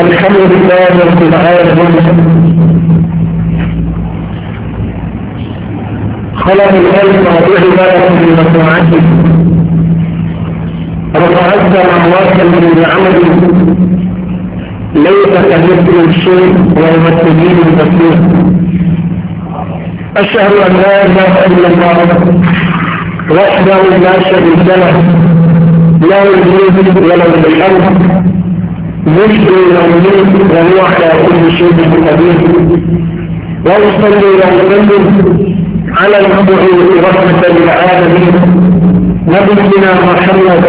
الحمد لله رب العالمين خلق الألف وضعه وعباده من مصنعته رفعت امواتا من العمل ليس كمثل الشيء وهو السبيل البصير اشهد ان لا اله الا الله وحده لا شريك له لا الملك ولا الحمد يشبه يومين وهو على كل شيء قدير ويصلي ويسلم على المبعوث رحمة للعالمين نبينا محمد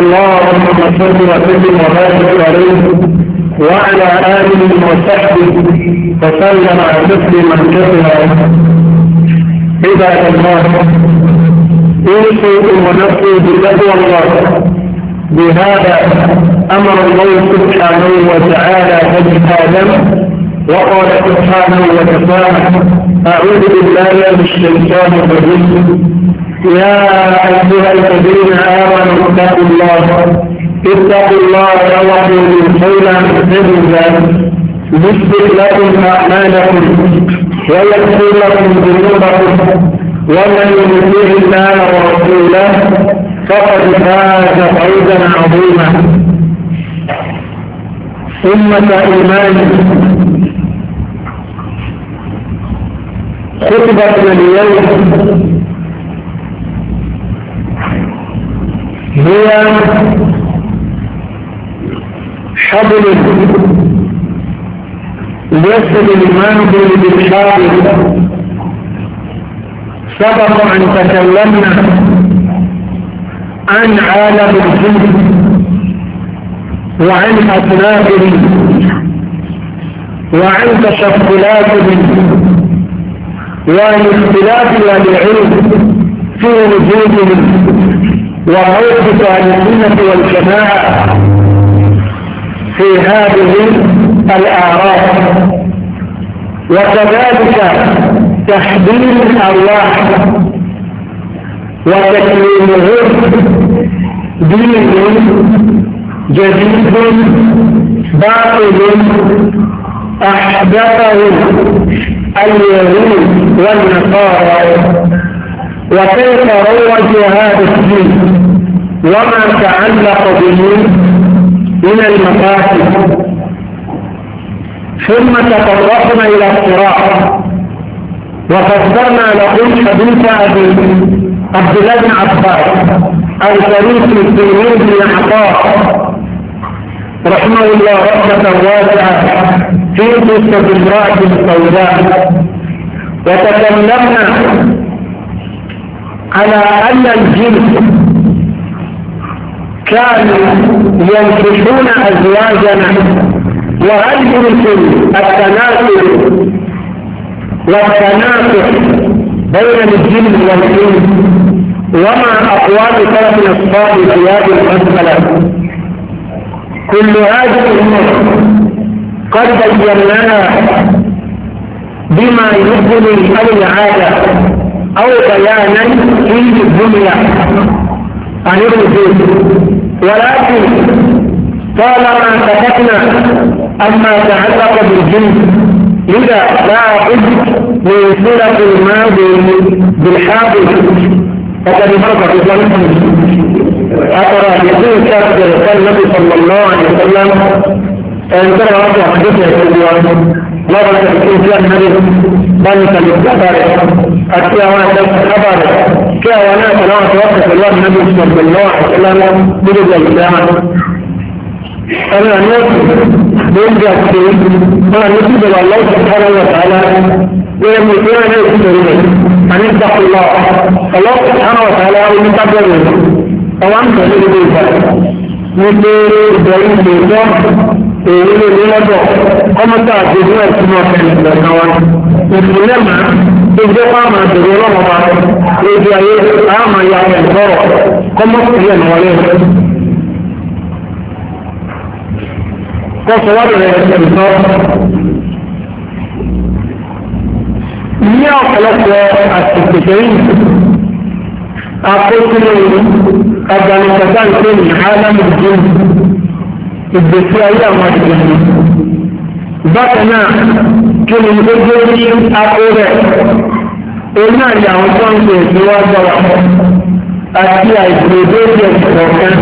اللهم صل وسلم وبارك عليه وعلى آله وصحبه وسلم على تسليما كثيرا عباد الله اوصيكم ونصوا بتقوى الله بهذا أمر الله سبحانه وتعالى بني آدم وقال سبحانه وتعالى أعوذ بالله من الشيطان الرجيم يا أيها الذين آمنوا اتقوا الله اتقوا الله وقولوا قولا سديدا يثبت لكم أعمالكم ويغفر لكم ذنوبكم ومن يطيع الله ورسوله فقد فاز فوزا عظيما أمة إيمان خطبة اليوم هي حبل يسد المنزل بالشارع سبق أن تكلمنا عن عالم الجن وعن أطنابه وعن تشكلاته وعن اختلاف العلم في وجودهم أهل السنة والجماعة في هذه الأعراف وكذلك تحديد الأرواح وتكليمهم دين جديد باطل أحدثه اليهود والنصارى وكيف روج هذا الدين وما تعلق به من المقاصد ثم تطرقنا إلى الصراع وفسرنا لكم حديث أبي عبد الله بن عباس الشريف تلميذ بن عطاء رحمه الله رحمة واسعة في قصة امرأة سوداء وتكلمنا على أن الجن كانوا ينكحون أزواجنا وهل يمكن التناسل والتناسل بين الجن والإنس وما أقوال سلفنا الأصحاب في هذه المسألة كل هذه الأمور قد بيناها بما يبني العادة أو بيانا في الدنيا عن الوجود ولكن طالما سكتنا أما تعلق بالجن لذا لا أجد من الماضي بالحاضر فقد مرق بظنهم أترى يقول كافة قال النبي صلى الله عليه وسلم أن ترى هذا حديث لا بس يقول فيها النبي ذلك للخبر الكيوانات الخبر كيوانات لا توقف الوقت النبي صلى الله عليه وسلم بجد الإسلام أنا نفسي بين ذاتي أنا نفسي بالله سبحانه وتعالى wọ́n mú ìgbéra náà sí ìrìn rẹ̀ àní ìdàkùnlọ ọlọ́pàá àwọn ọ̀tàlá omi tábẹ́rẹ̀ ọwọ́ ń bẹ̀rẹ̀ nínú ìgbà ní pé ìbẹ̀rù ìgbẹ̀jọ́ èyí lè ní lọ́dọ̀ kọ́mọ́tà àti ìdúrà ìtumọ̀ ọ̀fẹ́ ìgbẹ̀kan wa ìpínlẹ̀ máa tó jẹ́ pé àmà àtẹ̀rẹ̀ ọlọ́run wa lójú ayé àmà ya ẹ̀ńtọ́rọ̀ kọ́mọ́tìlẹ̀ wọlé kọ́sọ̀wádìí rẹ̀ ẹ̀ńtọ́ ọ̀pọ̀lọpọ̀ àtìkèkèrè yìí akókòrò ọgbàlùkọ̀tà ìpè ní ádámù jù ìgbésí ayé àwọn àtìkèkèrè bákan náà kí ni ó gbé ní akó rẹ̀ òun náà ni àwọn tó ń pè ní wá gbọ́ wa àti àìsàn ìdókè kọ̀ọ̀kan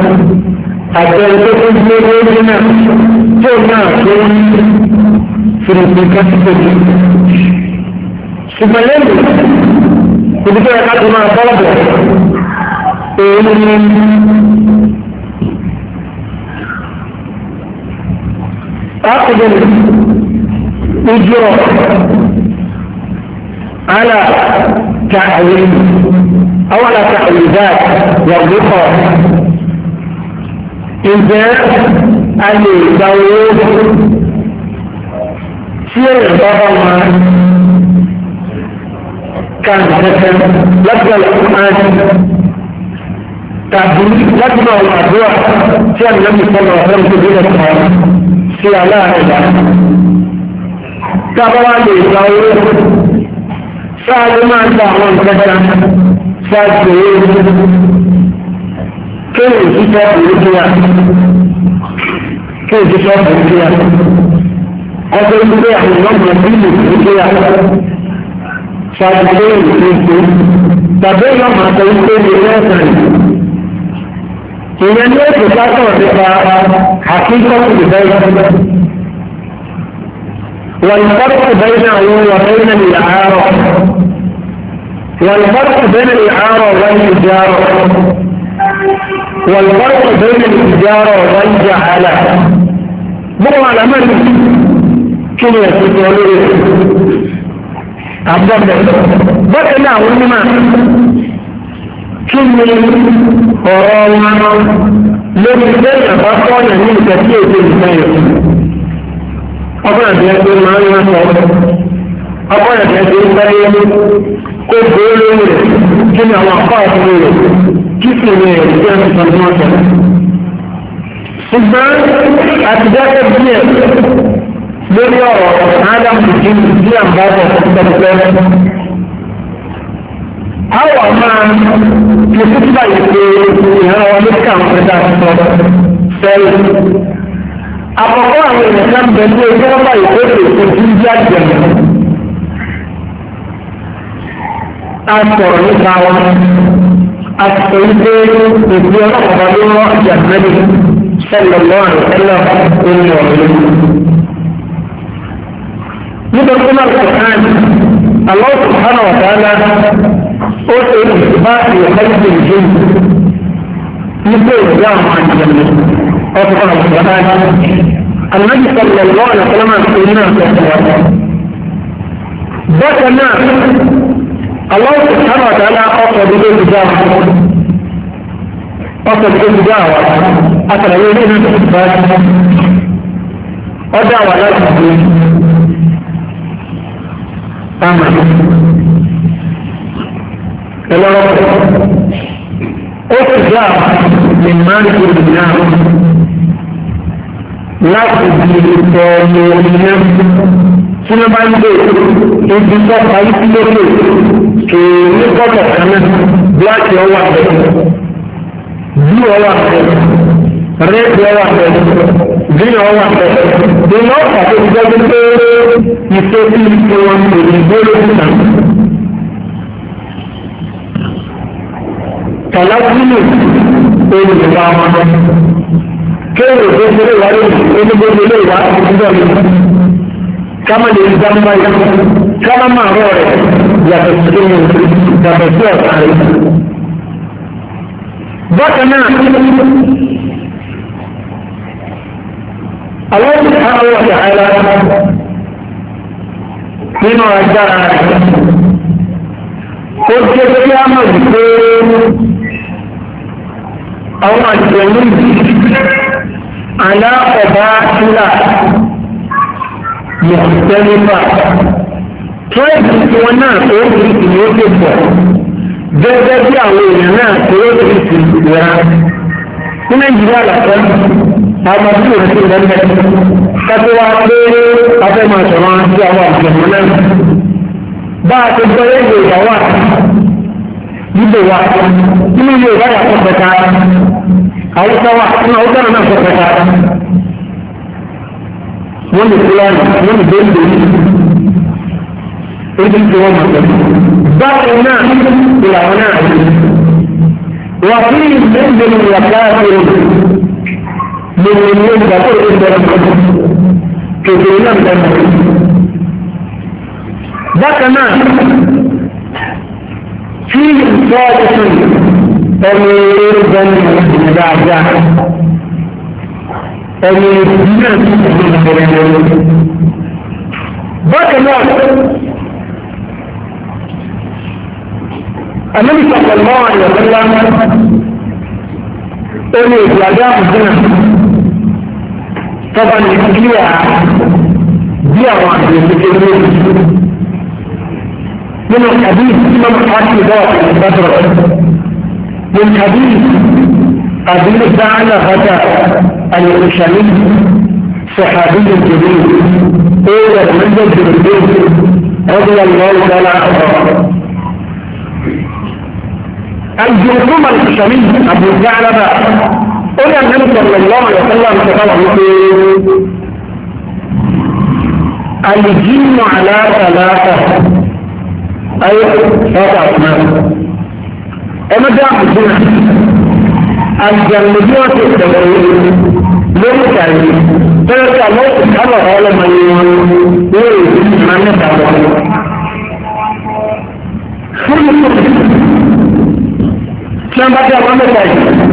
àtẹ̀yìn tó gbé lórí náà tó náà tó ń fìrìfìrì kásìkò ṣùgbọ́n lẹ́nu ibi tó yẹ ká ti máa bọ́ọ̀bù èyí ni أقدم أجرة على تعويل أو على تعويذات والرقى إذا اللي يدور سير بابا kan kankan láti alukur'an tàbí láti bá àwọn àdúrà tí a lè sọ lọ fẹ́ nítorí rẹ̀ kan sí aláàrẹ̀dá. Tábà wá lè gba owó sáájú máa ń ta àwọn nǹkan kan sáájú owó kéèrè sísọ òrùkíyà kéèrè sísọ òrùkíyà ọjọ́ ìgbé àwọn ìlọ́gbọ̀n bí lè òrùkíyà. fàdúgbò ìfúnfún tàbí ìyọ̀mọ̀ àti ìfúnfún ìrẹsàn. ìyẹn ní èdè pátọ̀ nípa àkíkọ́kù ìbẹ́rẹ̀. والفرق بينه وبين الإعارة والفرق بين الإعارة والتجارة والفرق بين الإجارة والجعالة بقى على من كلمة تقولون àbọ̀dẹ̀ bọ́tẹ̀ ní àwọn onímọ̀ kí ni ọ̀rọ̀ wọn lórí bẹ́ẹ̀ àbá kọ́ọ̀yà ní ìgbà tí èdè ìgbàyà ọkọ̀ àti ẹgbẹ́ máa ń rán sọ ọkọ̀ àti ẹgbẹ́ gbáyé kó gbóó lórí rẹ̀ kí ni àwọn àpá àkúrò rẹ̀ kí sì ni ẹ̀rí bí a ti sọ fún ṣùgbọ́n àtijọ́ bí ẹ̀ lórí ọ̀rọ̀ adam kìkì bí à ń bá bọ̀ pẹ́pẹ́. a wà máa fi sísúbà yìí pé ìran wọn ní kàn fún ẹ̀dá sọ sẹ́yìn. àkọ́kọ́ àwọn èèyàn kan bẹ ní ojú ọba ìkórè ojú ń já jẹun. a sọ̀rọ̀ nípa wọn a sì sọ wípé ìgbé ọlọ́pàá ló rán ìjà mẹ́rin sẹ́lẹ̀ lọ́rùn ẹlẹ́ọ̀kọ́ nínú ọ̀rọ̀ yìí. من pé القرآن الله سبحانه وتعالى wa ta'ala ó الجن يقول يا ìjọba nígbà ìgbà àwọn àjẹmọ́ النبي صلى الله عليه وسلم سيدنا بكنا الله سبحانه وتعالى قصد به تجاهه قصد به تجاهه أترى يومين في الصفات ودعوة لا تجاهه ama ẹlọ́rọ̀ ó ti gbà ní máàlì náà láti di ọmọ ìyẹn tí wọ́n bá ń gbé ibi tó parí sí lókè èèyàn gbọ́dọ̀ kan náà bíláàkì ọwọ́ àbẹ̀rẹ̀ bí ọwọ́ àbẹ̀rẹ̀ rẹ́ẹ̀dì ọwọ́ àbẹ̀rẹ̀ dínà wà pẹ́ dínà ọ̀pá tó ti dẹ́gbẹ́ pé ìfẹ́ tí ìfowó òyìnbó ló ti nà. Tàlákìlì olùdíwà ọmọ kéèrè tó ti lè wá lónìí onígbòmí lè wá ìdúgbò mi. Kámá lè ń dáná yìí, kámá máa rọ̀ rẹ̀ yàtọ̀ sí mi, yàtọ̀ sí ọ̀sán rẹ̀. Bákan náà, àwọn ti ká àwọn ọ̀sẹ̀ àìlá nínú agbára rẹ̀ ó jẹ́ kí á mọ̀ wípé àwọn àjẹ̀mú àlá ọ̀bá ńlá mọ̀tẹ́lẹ́fà tíráìbù wọn náà tó ń ìlú pọ̀ gẹ́gẹ́ bí àwọn èèyàn náà tó ń ìlú rẹ̀ ní nàìjíríà làkọ́ àwọn àdúgbò rẹ̀ sí ìrẹ́lẹ̀ kátó wá pé afẹ́ máa sọ̀rọ̀ sí àwọn àjọ̀mọ́ náà bá a ti gbọ́ yẹ́ yorùbá wà níbò wà nínú yorùbá wà fún pẹ̀ta àwùjọ wà nínú àwùjọ náà fún pẹ̀ta wọ́n lè kú lánàá wọ́n lè bẹ́ẹ̀ lè ojú tí wọ́n mọ̀ pẹ̀lú báwo náà ìlànà náà wà fún ìgbésẹ̀ ìwà kíláàsì rẹ̀ gbogbo ilé ìgbà tó lè bẹ̀rẹ̀ lọ́dún kékeré náà bẹ̀rẹ̀ lọ́dún. bákan náà tí ìfọ́ ọ̀sùn ẹni eré bẹ́ẹ̀ni ìrìn dáadáa ẹni ìdí náà ti ti di bẹ̀rẹ̀ lọ́dún. bákan náà àmì ìsọ̀kọ̀ mọ́ àyọ̀kọ́ lánàá ó ní tọ́ba lè kílíà bí àwọn àgbẹ̀ kékeré nínú kàbíyì tí wọ́n mú àti ìbọ̀ ìbátọ̀rọ̀ nínú kàbíyì قبيل دعنا غدا الوشمي صحابي جليل قول من الجبريل رضي الله تعالى عنه الجرثوم الوشمي ابو ثعلبه ó ní àmì sọ̀rọ̀ lọ́wọ́ ìyọ̀sọ́lá ń sọ̀rọ̀ wípé alìjínú àlàáfàlàáfà ayé ọ̀pá àtúná ẹmẹ́dá àbùdúnà àjàm̀lẹ́bí ọ̀sẹ̀ ìtẹ̀wẹ̀ lórí ìtàrí tẹ́lẹ̀ tí àwọn òkè kábọ̀ ọlọ́mọ yìí wọn ní èyí máa ń mẹ́ta wọn. fún ìtòkè tí wọ́n bá tẹ́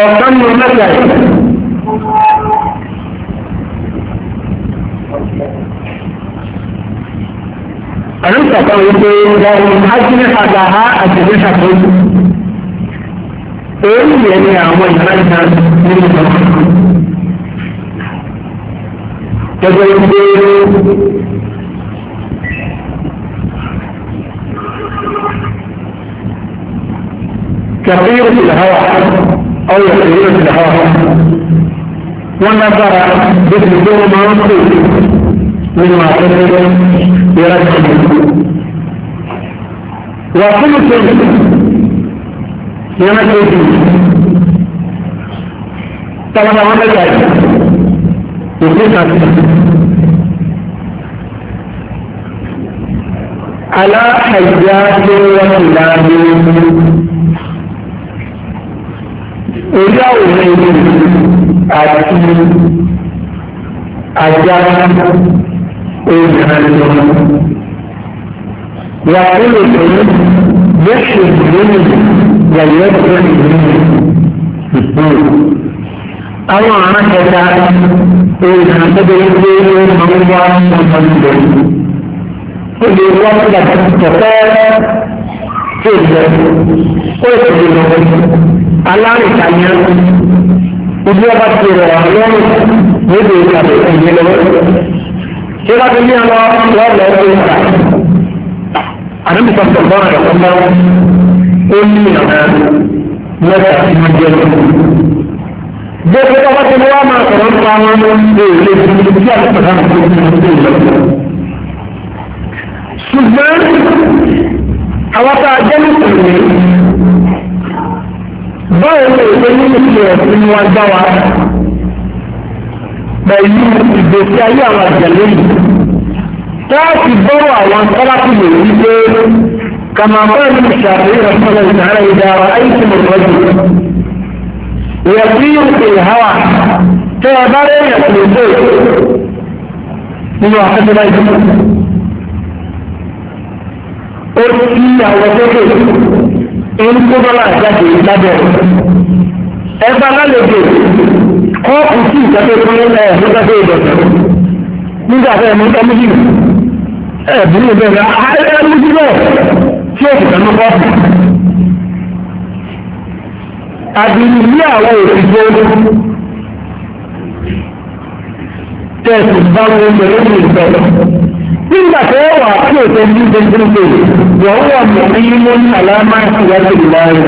ọ̀kan ní mẹ́ta yìí. àrísà kan wípé wọ́n ajílẹ̀ àgbàhá àtìlẹ́ ṣàkóso èyí yẹn ni àwọn ìlànà nínú ìlànà gẹ́gẹ́ wípé كثير الهوى أو يخرجون في الهواء ونظر بذلهم ما نقول مما قبل برده وكل شيء يمكن طبعا هذا جاي يقول على حجاج وكلاب orí àwòrán ìlú àti ajá obìnrin lọ. Yàtúlò pẹ̀lú bẹ́sẹ̀ lónìí yàyẹ́ pẹ̀lú ìlú. Àwọn àrùn kẹta obìnrin tẹ́tẹ́ ń gbé ní ọmọ wá ọmọ ìlú. Ó lè wá sí àtúntò pẹ́ẹ́rẹ́ tí o jẹ kó o sì lè lọ alárìnkàyà ibi ọba ti rẹ̀ wá lọ́rùn níbi ìgbà tó ti yé lọ́wọ́. ṣé wàá fi ní ọmọ lọ́ọ̀lọ́ ọ̀gbìn ìgbà àdébí sọ̀tọ̀ bọ́ọ̀rọ̀ rẹ̀ kọ́ mọ́ ó ní ìlànà mẹ́ta tí wọ́n jẹ́ lọ. Gbogbo ọba tí wọ́n máa sọ̀rọ̀ ń wọn lé ilé tí a ti sọ̀rọ̀ ń pa wọn lé ilé. Ṣùgbọ́n àwọn tá a jẹ́ nítorí báwo ni èdè nínú ìṣe ẹ̀sìn wọn gbá wa pẹ̀lú ìgbésí ayé àwọn àjẹlé yìí láti bọ́rọ̀ àwọn sálápù lè rí pé kàmá báyìí ní ìṣàfihàn ìrọ̀sọ́lẹ̀ ìdára ìdára àìsí mọ̀tọ́jú yẹ̀sí ìhàwà tẹ́ ẹ bá rẹ̀ yẹ̀sí lè dé nínú àkọsílẹ̀ ìdíkùn ó ti àwọn sókè ń kó dọ́là jáde lábẹ́ ẹ̀fà lálejò kọ́ọ̀kù sí ìjọba ìpín ẹ̀ nígbàgbé ìdọ̀tí nígbà fẹ́ mú ẹmúdì ẹ̀ bùrú bẹ́ẹ̀ rẹ̀ ẹmúdì náà tí ó kùtà ní kọ́ọ̀kù. àdìrí ní àwọn òṣìṣẹ́ tẹ̀sí bá wọn pẹ̀lú ìgbẹ̀lẹ̀ nígbà tó wà tí o tẹ ní gbẹgbẹgbẹ wọ́n wà mọ̀ ní mọ́ ní àlámà ìwádìí ìlànà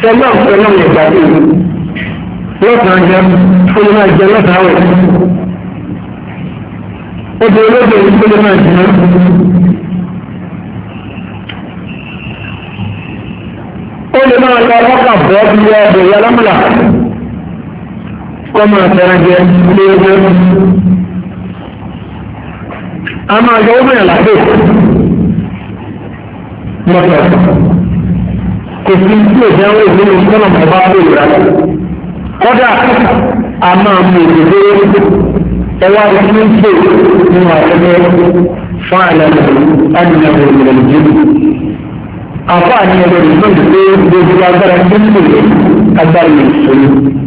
sẹ́lá ọ̀pọ̀lọ́ ìgbà tó lọ́sàn-án jẹ́ fúnni máa jẹ lọ́sàn-án wẹ̀. Obì olóògbé ní fúnni máa jẹ. Ó lè máa lọ ọkà bọ́ bí wọ́n ọbẹ̀ yálàmùlà kọ́ máa a máa yọ obìnrin lábẹ́ lọ́pọ̀ kò sí tí òjò àwọn ìlú ní sọ́nà mọ̀ bá bẹ̀rẹ̀ rà kọ́dà a máa mú òdòdó ẹwà ìlú ń pè nínú àtẹ́gbẹ́ fún àlàyé àdìyàn òmìnira ìjẹ́bù àfáà ní ẹgbẹ̀rún náà pé gbogbo agbára ní ìpè agbára ìṣòro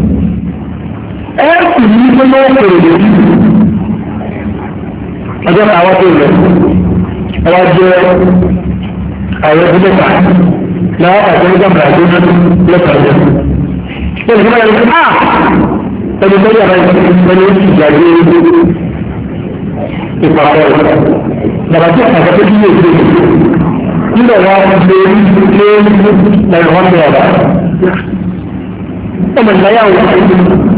sì ní pé yóò pèrè lórí ọjọ́ kan àwọn tó lọ ọwọ́ jẹ́ àwọn ẹbí lẹ́ta làwọn àti ọjọ́ brazil lẹ́ta jẹ́ ẹnì kan yẹn a ẹni tó yàrá ẹni ó sì jáde ìpàkọ́ rẹ̀ bàbá tí àpàkọ́ tó kíyè sí nígbà wa lè lè lè lọ́wọ́ bẹ̀rẹ̀ ọmọ ìgbà yà wọ́n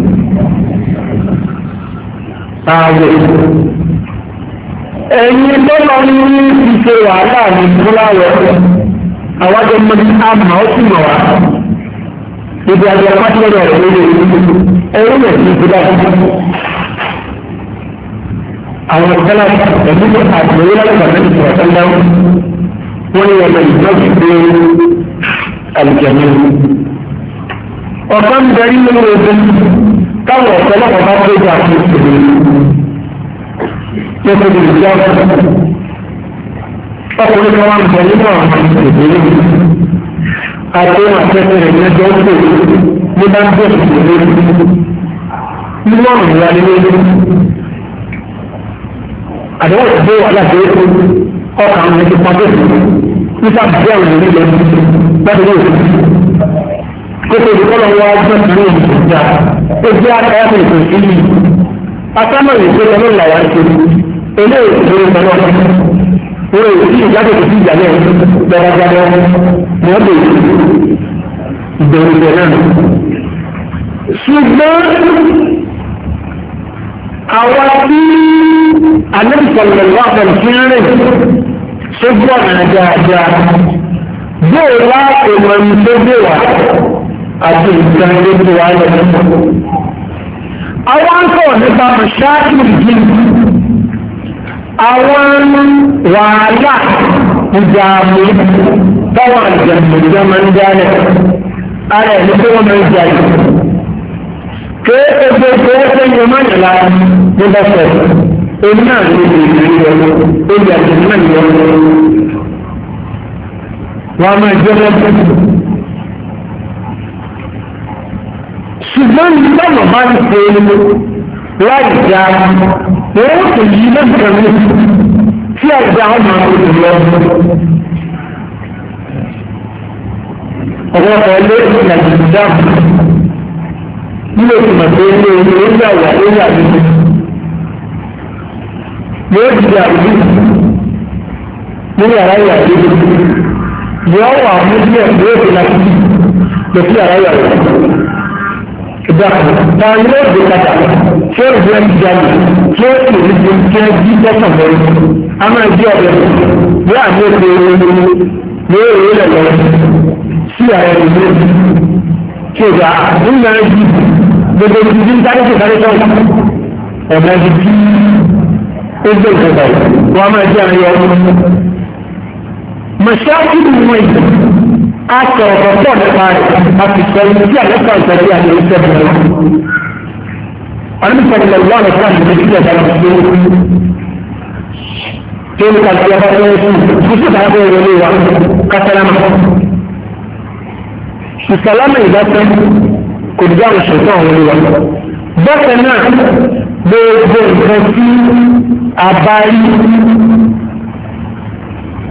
ààwẹ̀ ẹ̀yin tọ́lọ ní ìṣe wàhálà ní fúláwẹ̀ àwájọ mọ́tí àmà ó sì mọ̀ wá ibi àjọ pátẹ́lẹ̀ rẹ̀ lórí ẹ̀rú rẹ̀ sí ìgbéga àwọn ìgbàlá ẹ̀mí ní àtìlẹ́yìn lọ́gbà náà ìṣòro àtàlá wọ́n ní ọmọ ìjọ́sí pé àlùjẹ̀mí ọ̀kan bẹ̀rẹ̀ nínú ogun káwọn ọ̀pọ̀lọpọ̀ bá péjọ àti ìpèlè tó tóbi ìjọ ọkùnrin kan wá ń bẹ nínú àwọn ìpèlè àti àtẹ́sẹ̀ rẹ̀ lẹ́jọ́ ń pè ní bá ń bẹ̀ ìpèlè nínú ọ̀rùn ìwà nílé àdéhùn ìgbé aláṣẹ ọkàn ẹni pàtó nípa bí àwọn ìlú lọ gbádùn ní òṣèlú kókò ìkọlọ̀ wá jẹ́ ìlú ìjà ó jẹ́ àkáyàtọ̀ ètò ìlú akámọ̀ ìṣe tọ́lọ́ làwọn ètò ilé ìṣòro tọ́lọ́ wọ́n èyí tí ìjáde kò sí ìjà náà gbẹrẹgbẹrẹ ni wọ́n lè ìbẹ̀rù bẹ̀rẹ̀ náà. ṣùgbọ́n àwa tí alẹ́sọ̀lẹ̀ wà pẹ̀lú kí ń rìn ṣé gbọ́n àdáadáa bóòlá èèmọ̀ ń tó dé wà àti nǹkan ilé tó wà lẹ́yìn. Àwọn ń sọ̀rọ̀ nípa Bùsáàkì Jim. Àwọn wàhálà ìdààmú báwọn àjẹmọ̀jẹ́ máa ń dálẹ̀. Ara ẹ̀mí tó wọ́n máa ń jalè. Kéèké gbogbo ẹgbẹ́ ni ọmọ àyàlá ní bọ́sẹ̀. Èmi náà ló lè rí ẹ̀ lórí àjẹmọ̀ náà ní ọ̀rọ̀. Wọ́n á máa jẹ́ bọ́sẹ̀. ṣùgbọ́n ìgbàlọ̀ bá ń pè é láì já wọ́n ó tẹ̀ yí lẹ́gbẹ̀ẹ́ mi tí àìjá ọmọ òjò lọ. ọ̀rọ̀ ọ̀lẹ́ nàìjíríà nílò ìmọ̀ tó ń lé orí orí àwọ̀ orí àdúgbò yóò di àdúgbò nínú yàrá ìyà àdúgbò yóò wà mú díẹ̀ yóò fi láti lọ sí yàrá àdúgbò. dàpọ̀ ta ilé ìgbé padà tí ó jẹ́ ìjàlè tí ó sì rí ju kí ẹ jí tẹ́sán lọ́rọ́ a máa jí ọ̀rẹ́ bí àmì ètò ìròyìn ní èrè rẹ̀ lọ sí ààrẹ ìlú tí ó gbà nígbà ẹjí gbogbo ìdí ń dárí sí ìdárí sọ́ọ̀tà ọ̀nà ibi tí ó gbé ìjọba yìí wọ́n á máa jí àárín ọdún mọ̀ṣáàkì ìwọ̀n yìí a sọ̀rọ̀ pọ̀ nípa rẹ̀ a sì sọ ibi tí àlẹ́ kan sọ sí àlẹ́ iṣẹ́ bí wọn. ọ̀nàmì sọ̀rọ̀ lọ́wọ́ àwọn ìfúnra ìdílé tí ọ̀dà lọ sí owó tí ó ń kàtí ọba tó ń sùn kí sì máa bẹ̀rẹ̀ lé wa kásálámà. ìsàlámà ìdásẹ́ kò dùdú àwọn ìṣòro àwọn olúwa. bọ́sẹ̀ náà gbogbo nǹkan tí a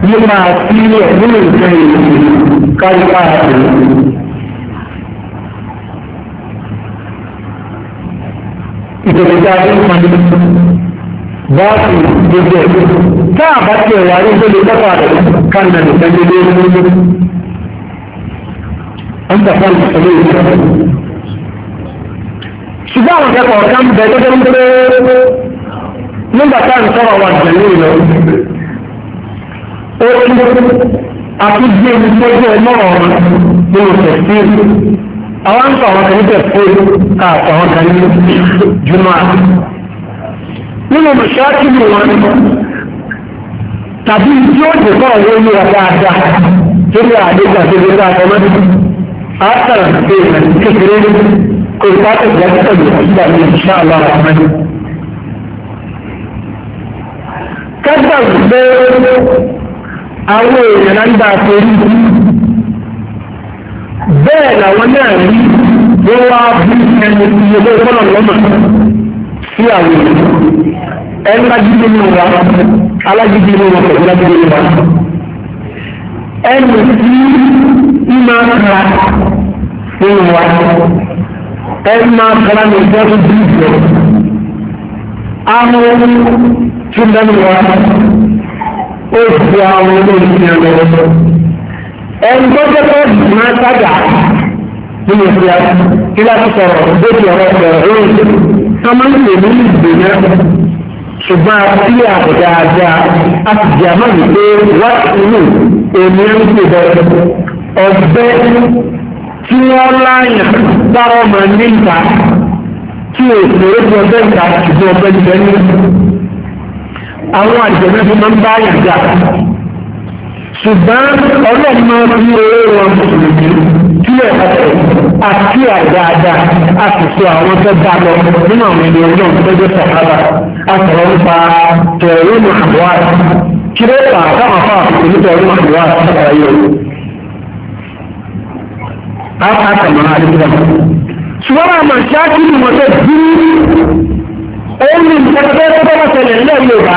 mímọ àti ẹ̀mí ìfẹ́ ìlú kárípá àti ìjọba ìjà àti ìpàdé báàsì gbogbo ẹ̀ tá a bá tiẹ̀ wà ní ìjọba ìjọba rẹ̀ kánà nìkan ní ilé ìlú ń tàfà ní ìṣẹ̀lẹ̀ ṣùgbọ́n àwọn akẹ́kọ̀ọ́ kan bẹ̀ẹ́ gẹ́gẹ́ nígbà tá à ń sọ̀rọ̀ wà jẹ̀lé ìlú ó tún àtúndí ẹni tó jẹ́ mọ́rọ̀ ọ̀rọ̀ nínú tẹ̀sí àwọn ń sọ àwọn kan ní tẹ̀sí káàkiri àwọn kan ní jùmọ̀ nínú mùsùlùmí ni wọn tàbí tí ó dé fún àwọn olú wa dáadáa lórí àdéjà tó lè dá ọmọ àtàrà pé kékeré kò pàtó ìdájọ́ ìgbà ní ìṣàlọ́ àwọn ọmọdé. Kẹ́gbàgbé àwọn èèyàn náà ń bá a forí bẹ́ẹ̀ làwọn náà rí wọ́n wá bí ẹni iye lórí fọ́nà lọ́mà sí àwọn èèyàn ẹni lágídí ní wa alágídí ní wa pẹ̀lú lágídí ní wa ẹni tí ń máa kra fún wa ẹni máa kra ní ìjọba bí ìjọba àwọn tí ń dánú wa ó fi àwọn ọmọ ìsìn ọmọ ọmọ ẹni tó jẹ́ pé máa sábà nínú ìfìyà kí láti sọ̀rọ̀ lórí ọ̀rọ̀ ọ̀rọ̀ orí ọmọ ìlú ní ìgbìyà ṣùgbọ́n ilé àbùdá àjà àti jàmá ní pé wá inú èmi ń pè bọ́ ọ̀bẹ tí wọ́n láyàn bá ọmọ níta tí èsì orí ọbẹ̀ ìta ṣùgbọ́n ọbẹ̀ ìbẹ̀ ní àwọn àjẹ̀mí fi máa ń bá yàn jà ṣùgbọ́n ọlọ́mọ bí owó wọn mùsùlùmí tí ẹ̀ ọ̀pọ̀ àti àdáadáa a sì sọ àwọn tó dá lọ nínú àwọn ènìyàn náà lọ́jọ́ sàkábà a sọ̀rọ̀ nípa tẹ̀rẹ́ ní àbúrò kí ló fà táwọn afá àfikún ní tẹ̀rẹ́ ní àbúrò àtàkàrà yìí a kà sàmọ́ra àdúgbò ṣùgbọ́n àwọn àmọ̀ ṣáà kí ni wọ́n tẹ̀ dúró ó ní ìfẹ́fẹ́ tó bá ṣẹlẹ̀ nílẹ̀ Yorùbá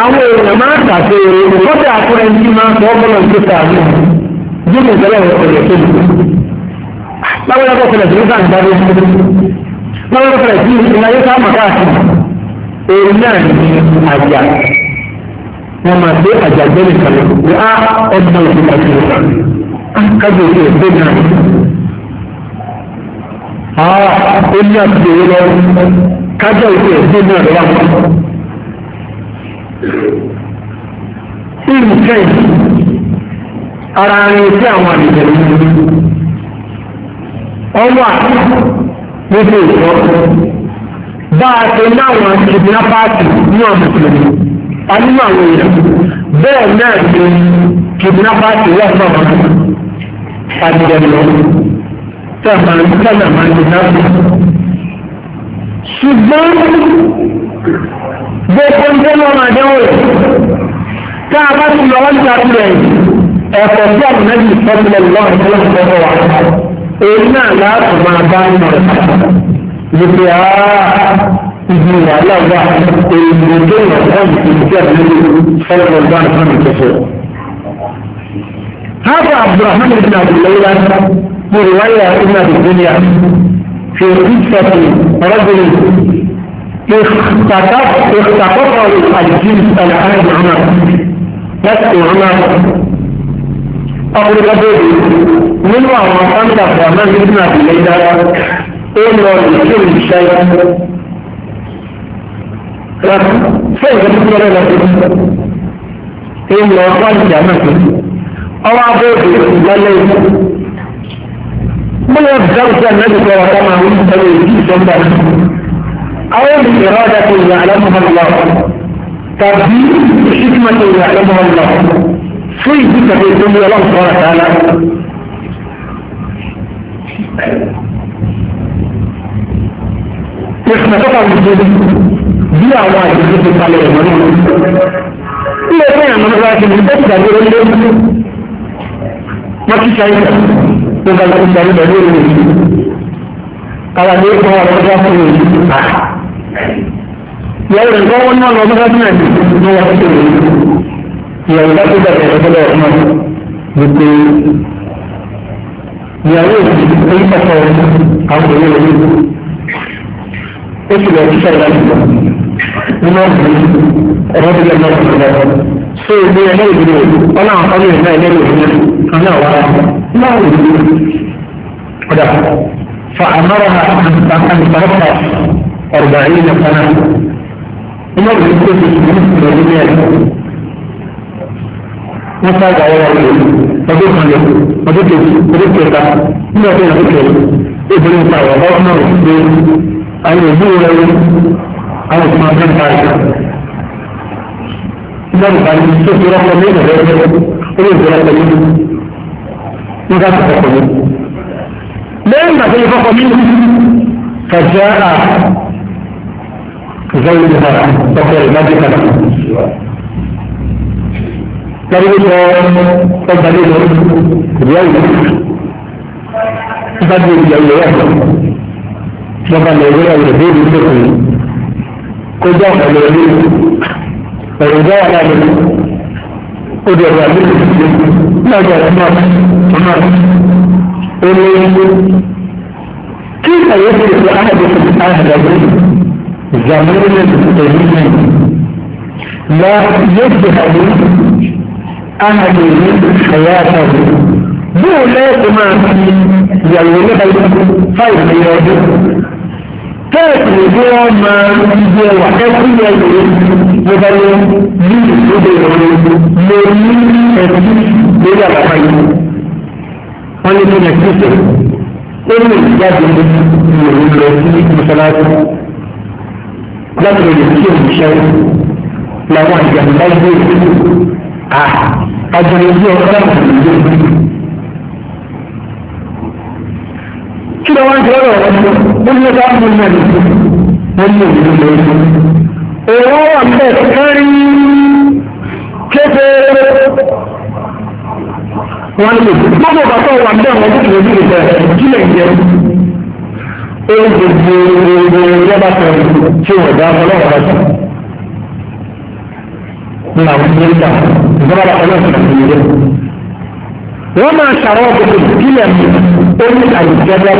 àwọn èèyàn máa ń tàṣe èrè lọ́dẹ àkúrẹ́ ní máa ń sọ ọ́gbọ́n náà ń tẹ̀sà àmì jíjìn ìṣẹ̀lẹ̀ ọ̀rẹ́ tó lù. báwo yàtọ̀ ṣẹlẹ̀ sí nígbà nígbà tó lù báwo yàtọ̀ ṣẹlẹ̀ sí ìlà yóò sáà màkà àti èrè náà ní àjà wọn máa gbé àjà gbẹ́lẹ̀ kalẹ̀ pé ọdún náà ti kàṣe kájọ ìṣẹ̀lẹ̀ ó ní àtúnṣe owó lọ́wọ́ kájọ ìpè ẹ̀sìn ìlú ẹ̀dọ́ wa. ìlú kẹ́yìn ara rin sí àwọn àdìgbẹ̀ ọwọ́ nípa ìṣọ́ bá a ṣe láwọn kìdínápáàtì ní ọmọ ìṣẹ̀lẹ̀ a nínú àwọn èèyàn bẹ́ẹ̀ náà ṣe kìdínápáàtì wà fún àwọn àdìgbẹ̀ lọ́wọ́ tẹ̀mà ń kálà máa ń dìná fún. ṣùgbọ́n gbogbo ń tẹ́lẹ̀ ọmọ àdéhùn rẹ̀ tá a bá ti lọ wọ́n ti àti rẹ̀ ẹ̀kọ́ tí àwọn náà yìí fọ́ sílẹ̀ lọ́wọ́ ìfọ́lọ́ ìfọ́fọ́ wa. èyí náà láàbù máa bá ń lọ lùpẹ̀ àá ibi wàhálà wà èyí ló dé ìwọ̀n ìdí tí a lè fọ́lọ́ lọ́wọ́ ìfọ́lọ́ ìfọ́fọ́. Hafa Abdulrahman ibn Abdullahi في رواية هنا في الدنيا في قصة رجل اختطف اختطف الجنس الآن عمر بس عمر أقول لك من وراء أنت فمن ابن أبي ليلى إنه لكل شيء فإذا كنت لنا إنه قال يا أو عبد الله bóyá ìdáwùsí àmì sọ̀rọ̀ ká máa ń tẹ̀lé ìdí ìjọba. àwọn ìrọ̀ àdá tó yà alámọ̀hánlá tàbí ìṣíkímà tó yà alámọ̀hánlá fún ìdí tàbí ìdómi ọlọ́mùsọ̀rọ̀ tààlà. Ìṣẹ̀lẹ̀ tó kà wùdí bí àwọn àjèjì ti kalẹ̀ ìmọ̀ náà. Ilé ẹgbẹ́ ìyàmọ̀ náà ti ní bẹ́ẹ̀ tàbí orílẹ̀-èdè. Wọ́n ti ṣe àyẹ̀wò. tó bá ti sọ nípa lórí rẹ̀ yìí kára ní kọ́ ọ̀rọ̀ ọjọ́ fún mi yìí yẹ̀wò rẹ̀ gbọ́wọ́ náà lọ bá fún ẹ̀sìn ní wọ́n ti rẹ̀ yẹ̀wò bá tó bẹ̀rẹ̀ ọ̀dọ́ ọ̀nà wípé ìyàwó èyí pàtó àwọn òye rẹ̀ yìí ó sì lọ síṣẹ́ ìdájọ́ nínú ọ̀gbìn ọ̀rọ̀ tó lẹ́nu ọ̀gbìn lọ́wọ́ so ìgbéyàwó ìdílé ọ̀nà àkọ́lé ìrìnà ìlẹ́nu ìrìnà ọ̀nà àwọn ará láàyè ọ̀dà fa àmọ́ra àtàkùnfàkùnfà ọ̀rọ̀dà yìí nà fana iná òbí tó ti sùn ní ìsìn òní ẹ̀ wọ́n sá ìgbà wọ́n wọlé ọdún kan lè ọdún kejì ọdún kẹta nígbà tó yẹ kó kẹrin ìbílẹ̀ nípa ìwà ọ̀rọ̀ náà lè àwọn òbí rẹ̀ àwọn òkú máa bẹ́ẹ̀ báyìí nígbà tó bá yẹ ní ìrẹ̀lẹ́ ó nígbà tó kọ́kọ́ mi lẹ́yìn ìgbà tó yẹ kọ́kọ́ mi kàjá à zẹ́yìn ìgbà ọkọ̀ ìmájì kan lọ́wọ́ yọ ọgbà nínú ìyá ìlú ìbá di ìyá ìlú ẹ̀kọ́ lọ́ba nàìjíríà ìlú bí ìlú tó kù kó jẹ́ ọ̀pọ̀lọpọ̀ ìlú ẹ̀rù ìjọba náà ó di ọ̀gá lé lọ́jà ọ̀nà ọ̀nà olóyìnbó kí ìtàyé ti sọ áhàdùn áhàdàgbé zàmúlẹ̀ èyí náà لا يجهل أحد حياته دون لا يتمام يلوي لك فايد يوجد kéèkì ló wọn máa ń gbé wà ẹkú yẹn lè mo bá lọ ní ìdílé rẹ mo ní ẹtí lórí àbàbà yìí wọn ní kíni ẹtí sẹ ó lè jáde ní ìròyìn lọ sí mọ́sálásí láti lè fi òṣìṣẹ́ làwọn àjàmbá gbé à àjàmbá gbé ọkọ láti lè gbé. kí lọ wá ń jẹ́ ọ̀rọ̀ wọn ní ọjọ́ mú mẹ́rin wọ́n mú ìlú lẹ́yìn òwò wà mẹ́ kárí kéfè wọn lè gbogbo bàtọ̀ wà mẹ́ wọn tó tìlẹ̀ bíi bẹ̀rẹ̀ jílẹ̀ jẹ́ ó ń gbogbo gbogbo yọba kan tí wọ́n dá ọlọ́wọ́ rẹ̀ sọ ní àwọn ìgbésà ìjọba ọlọ́wọ́ rẹ̀ sọ wọ́n máa ṣàrọ̀ ọ̀gbìn ìpínlẹ̀ orí àìjẹ́dẹ́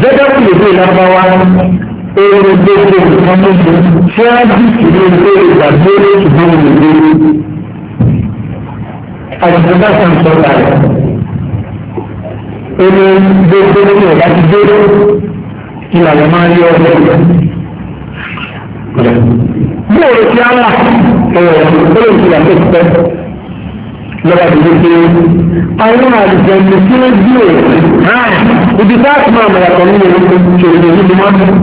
jẹ́dẹ́ kù lè dé lọ́wọ́ èrò gbogbo nǹkan méje tí a bí kìí ilé ìgbàgbé ìgbà òyìnbó àìjẹ́dẹ́ kan sọ báyìí èrò gbogbo ní ọ̀gá ti dé ìlànà máa yọ ọ̀gbẹ́ bóòlù tí a wà ẹ̀rọ olóòtú yàtọ̀ pẹ́ lọ́wọ́ ti wípé àwọn àdìsẹ̀lẹ̀ tí ó bí ò ibi tá a ti máa mọ̀yà kan nínú ìṣòro ìlú ni wọ́n mú.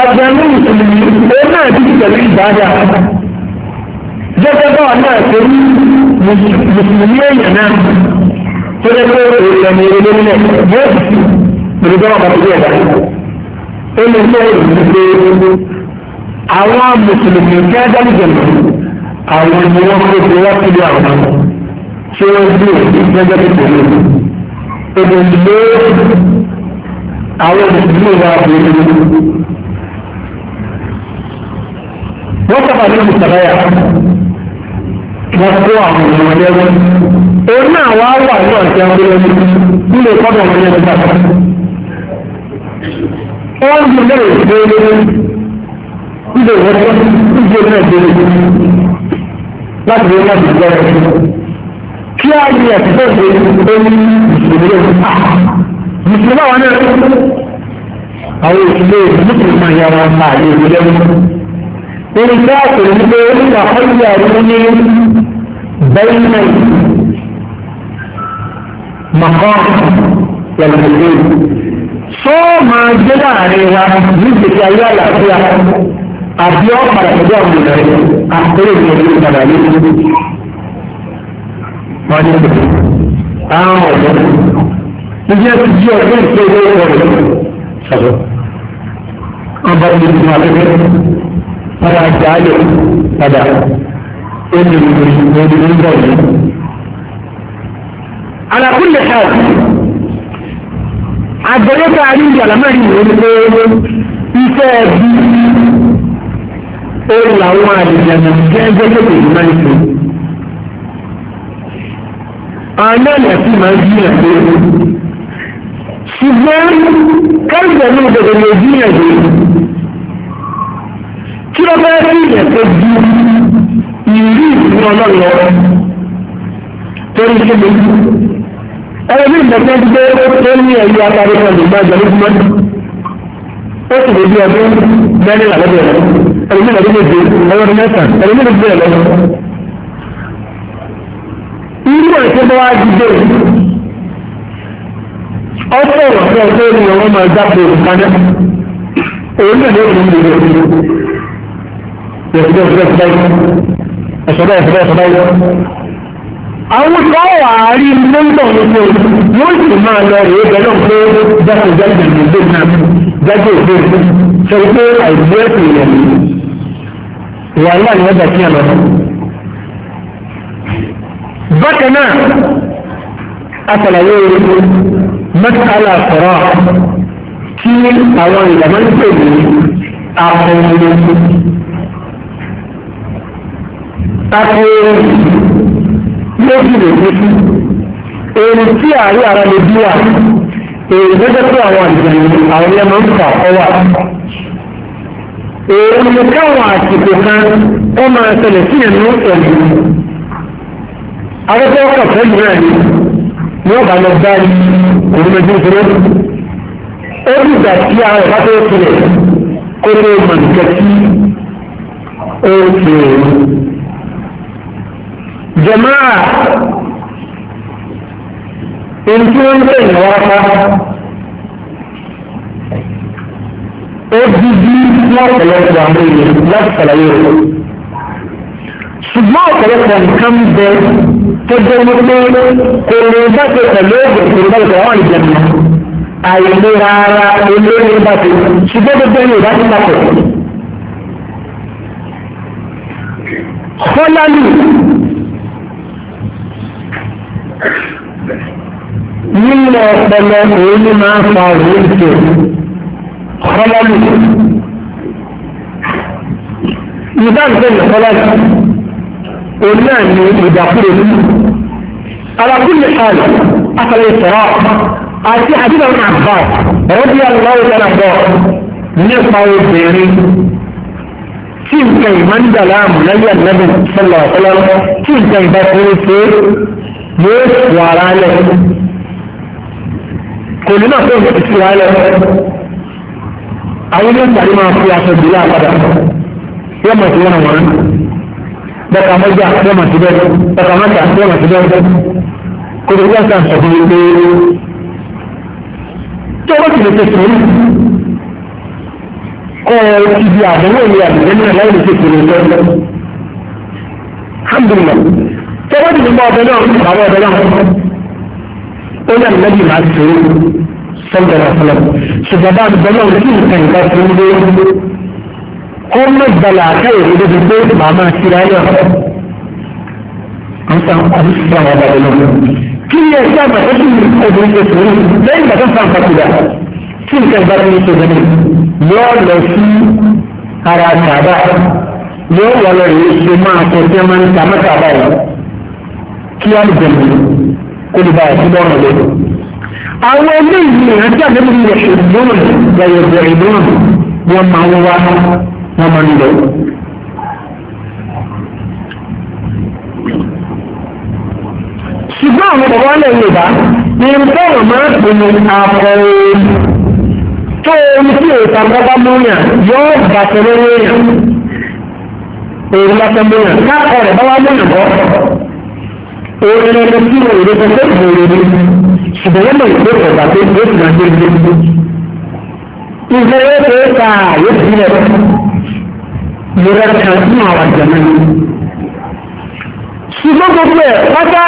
ọ̀sẹ̀ ní ìṣòlùmí ó náà ti ti tẹ̀lé ìbáàdà gẹ́gẹ́ bá náà ṣe rí mùsùlùmí èèyàn náà tó lè pé èèyàn èrè lórí rẹ̀ yóò sì sí pẹ̀lú bá wà bá tóbi ẹ̀dá. ó lè mú òòlù pé àwọn mùsùlùmí kí á dálé jẹ̀mọ̀ àwọn ni wọ́n ti wá àwọn náà tí wọ́n gbé gẹ́gẹ́ bí tòun èdè ìgbé àwọn ìdílé wa pè é wọ́n sábà ní ìsàlàyà wọ́n kó àwọn ọmọ ẹlẹ́wọ́n òun náà wá wà ní ọ̀sẹ̀ ọ̀gbẹ́lẹ́wọ́n nílé ìfọ́dọ̀ ọmọ ẹlẹ́wọ́n bá wọ́n ń gbé lẹ́yìn ìgbé ilé ìwọ́n tó ń gbé náà gbé láti lè má ti gbọ́ kí á yẹ ẹ̀sìnkọ́ ṣe orí ìṣòro mùsùlùmí ah, àwọn náà àwọn òṣìṣẹ́ mùsùlùmí máa yára máa yẹ ìṣòro lẹ́nu orí tí a kòrò ní pé oríta ọ̀yà ló ní bẹ́ẹ̀nà mọ̀kàn yàtọ̀ sọ máa gbé láàrin wa ní ìgbésí ayé àlàáfíà àbí ọ̀pàdà pẹ̀lú àwọn ìlànà àpérè ìrìn àjò ìpadà lórí wọ́n ní ìpè àwọn ọ̀dọ́ níbi ẹ̀sìn jí ọ̀dọ́ ìpè ìwé ìwọ̀n ṣàbọ̀ wọ́n bá ní ìpè àpẹẹrẹ padà jáde padà ó ní ìwé ìwé ìwé ìwọ̀n ala kulli hal àgbẹ̀rẹ̀ bá rí ìdí àlámẹ́rin ìwé ní pé iṣẹ́ ẹbí ó làwọn àdìjànà gẹ́gẹ́ lókè ìmáyé fún un àmẹ́lẹ̀ sí máa ń gbìyànjú ṣùgbọ́n káìsẹ̀ ní ìbẹ̀rẹ̀ lè gbìyànjú kí ló fẹ́ sí ìyẹ̀kọ́ ju ìrírí ìfún ọlọ́lọ́ torí ṣe lójú ẹgbẹ́ bí ìbẹ̀rẹ̀ ti gbé ó ní ẹ̀yọ adarí kan lè gbájọ lójú mọ́ ó sì lè bí ọdún mẹ́rin làlọ́bẹ̀rẹ̀ ẹ̀rọ mi làlọ́bẹ̀rẹ̀ ẹ̀rọ mi làlọ́bẹ̀rẹ̀ ẹ̀rọ mi làlọ́bẹ̀rẹ̀ nígbà tí wọ́n wá dìde ọ̀pọ̀ ọ̀pọ̀ ọ̀pọ̀ ni ọ̀rọ̀ máa jáde ìpàdé òun náà yóò fún mi lè fi yẹ̀fúdẹ́ ìfúdẹ́ ìfúdẹ́ ìfúdẹ́ ìfúdẹ́ ìfúdẹ́ ìfúdẹ́ àwọn kan wà á rí lóńtọ̀ nínú yóò sì máa lọ rèé bẹ́ẹ̀ náà pé jáde jáde ìgbésẹ̀ náà jáde ìgbésẹ̀ sọ pé àìgbésẹ̀ yẹn wàhálà ni wọ́n jà sí àná bákan náà asàlàyé mẹ́tàlá sọ̀rọ̀ tí àwọn ìlànà ń pè ní akọ̀wé akọ̀wé méjì lè fi sí èrè tí àárí ara lè bí wà èrè tó jẹ́ pé àwọn àjẹ̀yìn àwọn ilé máa ń fà ọ́ wà èrè káwọn àsìkò kan ó máa ṣẹlẹ̀ sí ẹ̀mí ẹ̀mí arẹ́fẹ́ ọkọ̀ fẹ́lú rẹ̀ ni wọ́n bá lọ bá ní òun ojú ìṣòro ó bí ìgbà tí ara ẹ̀ bá tó tilẹ̀ kó ló mọ̀ nìkẹ́ tí ó ti rẹ̀ ni. jẹ̀máà ẹni tí wọ́n ń bẹ̀ ní wárápá ó bí bí wọ́n àwọn èèyàn láti ṣàlàyé rẹ̀ ṣùgbọ́n ọ̀pọ̀lọpọ̀ nǹkan bẹ́ẹ̀ tó jẹ́ wípé kò lè dáṣe pẹ̀lú ògùn tó lè dáṣe wọ́n lè jẹun àìlera ara olóyè dáṣe ṣùgbọ́n gbogbo ẹni ìdáṣe dáṣe. Fọ́lálì nínú ọpọlọ òun ní máa fa òwúrò fọ́lálì. Ìdáǹtẹ̀ ní fọ́lálì òun náà ni ìdàkúrò nínú alákùnrin kan akàlẹ̀ ìsọ̀rọ̀ àti àdínà náà bá ọ̀rọ̀ bí aláwọ̀ tẹ́lẹ̀ bọ̀ nípa obìnrin tí nǹkan ìmọ̀ ń dàlá àmúlẹ́yà nẹ́bí sọ̀lọ̀ ọ̀pọ̀lọpọ̀ tí nǹkan ìbá fún ṣe yóò sùn ara lẹ̀ kò ní náà tó ń sùn ara lẹ̀ àwọn ilé ìgbàlè máa fi aṣọ ìbílẹ̀ àpàdà yóò mọ̀ sí wọn àwọn bọ́ka mọ́jà wọ́n mà ti bẹ́ẹ̀ bọ́ka mọ́jà wọ́n mà ti bẹ́ẹ̀ kò tó yàtọ̀ sọ̀tún ní pé tó bá ti lè tẹ̀ sórí kọ́ ibi àdánwò ni àdánwò náà láì lè tẹ̀ sórí lọ́wọ́ alhamdulillah tó bá ti lè bá ọbẹ̀ náà àwọn ọbẹ̀ náà ó yà lẹ́bi máa ti sórí sọ́dọ̀ náà fọlọ́ ṣùgbọ́n bá ti bọ́ náà lè kí ìgbà tó ń gbé ó mọ̀ ìgbàlà àtẹ̀wò lóbi pé màmá tira ẹ̀ lọ. Àwọn àti sísè àwọn ọba ìlú. Kí ni ẹ̀sìn àgbàtọ́sí obìnrin ṣe sòrò lẹ́yìn ìgbà tó fa àpàkùdà tí nǹkan ìgbà tó ń ṣe gbẹ̀mí yóò lọ sí ara kàbá yóò wọ lọ rèé ṣe máa tẹ tẹ máa ń ta mẹ́tàbá yìí kí á lè jẹun kó lè bá ẹ̀sìn bọ́ọ̀nù lẹ́yìn. Àwọn eléyìí ni ìrántí àgbẹ̀mí wọ́n máa ń lọ. ṣùgbọ́n àwọn bàbá lè lè bá ní bọ́ọ̀lù máa ń pè ní àkọ̀ròyìn tó omi tí èèta bọ́bá múyàn yóò bàtẹ̀ lórí èèyàn èèyàn bàtẹ̀ múyàn káàkọ̀ rẹ̀ bọ́bá múyàn bọ́ èèyàn lọ sí òòrè tó tó ìmòòrè ni ṣùgbọ́n wọ́n lè gbé ọ̀gá tó gbé ìgbà tó gbé ìgbà. ìgbà yóò ṣe é ta yóò sílẹ̀ lóra kan ní àwọn àjẹmọ́ ni. ṣùgbọ́n gbogbo ẹ̀ pátá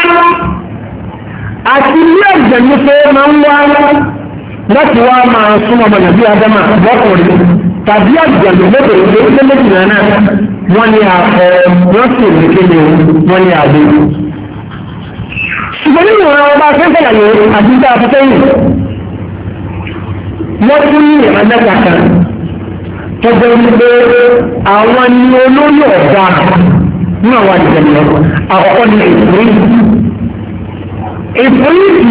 àti ilé àjẹmí pé máa ń wá láti wá máa súnmọ́ ọmọ nàbí adama lọ́kùnrin tàbí àjẹmí lóde ìgbé ilé méjì náà wọ́n ní àpọ̀ wọ́n sì ní kéde wọ́n ní àdé. ṣùgbọ́n nínú àwọn ọba akẹ́kọ̀ọ́ yìí àti ìgbà afẹ́fẹ́ yìí wọ́n tún ní ìrànlẹ́ta tọ́jọ́ wípé àwọn ni olórí ọ̀gá ní àwọn àjẹmí ọ̀gá àkọ́kọ́ ni ìfúrí ìfúrí kì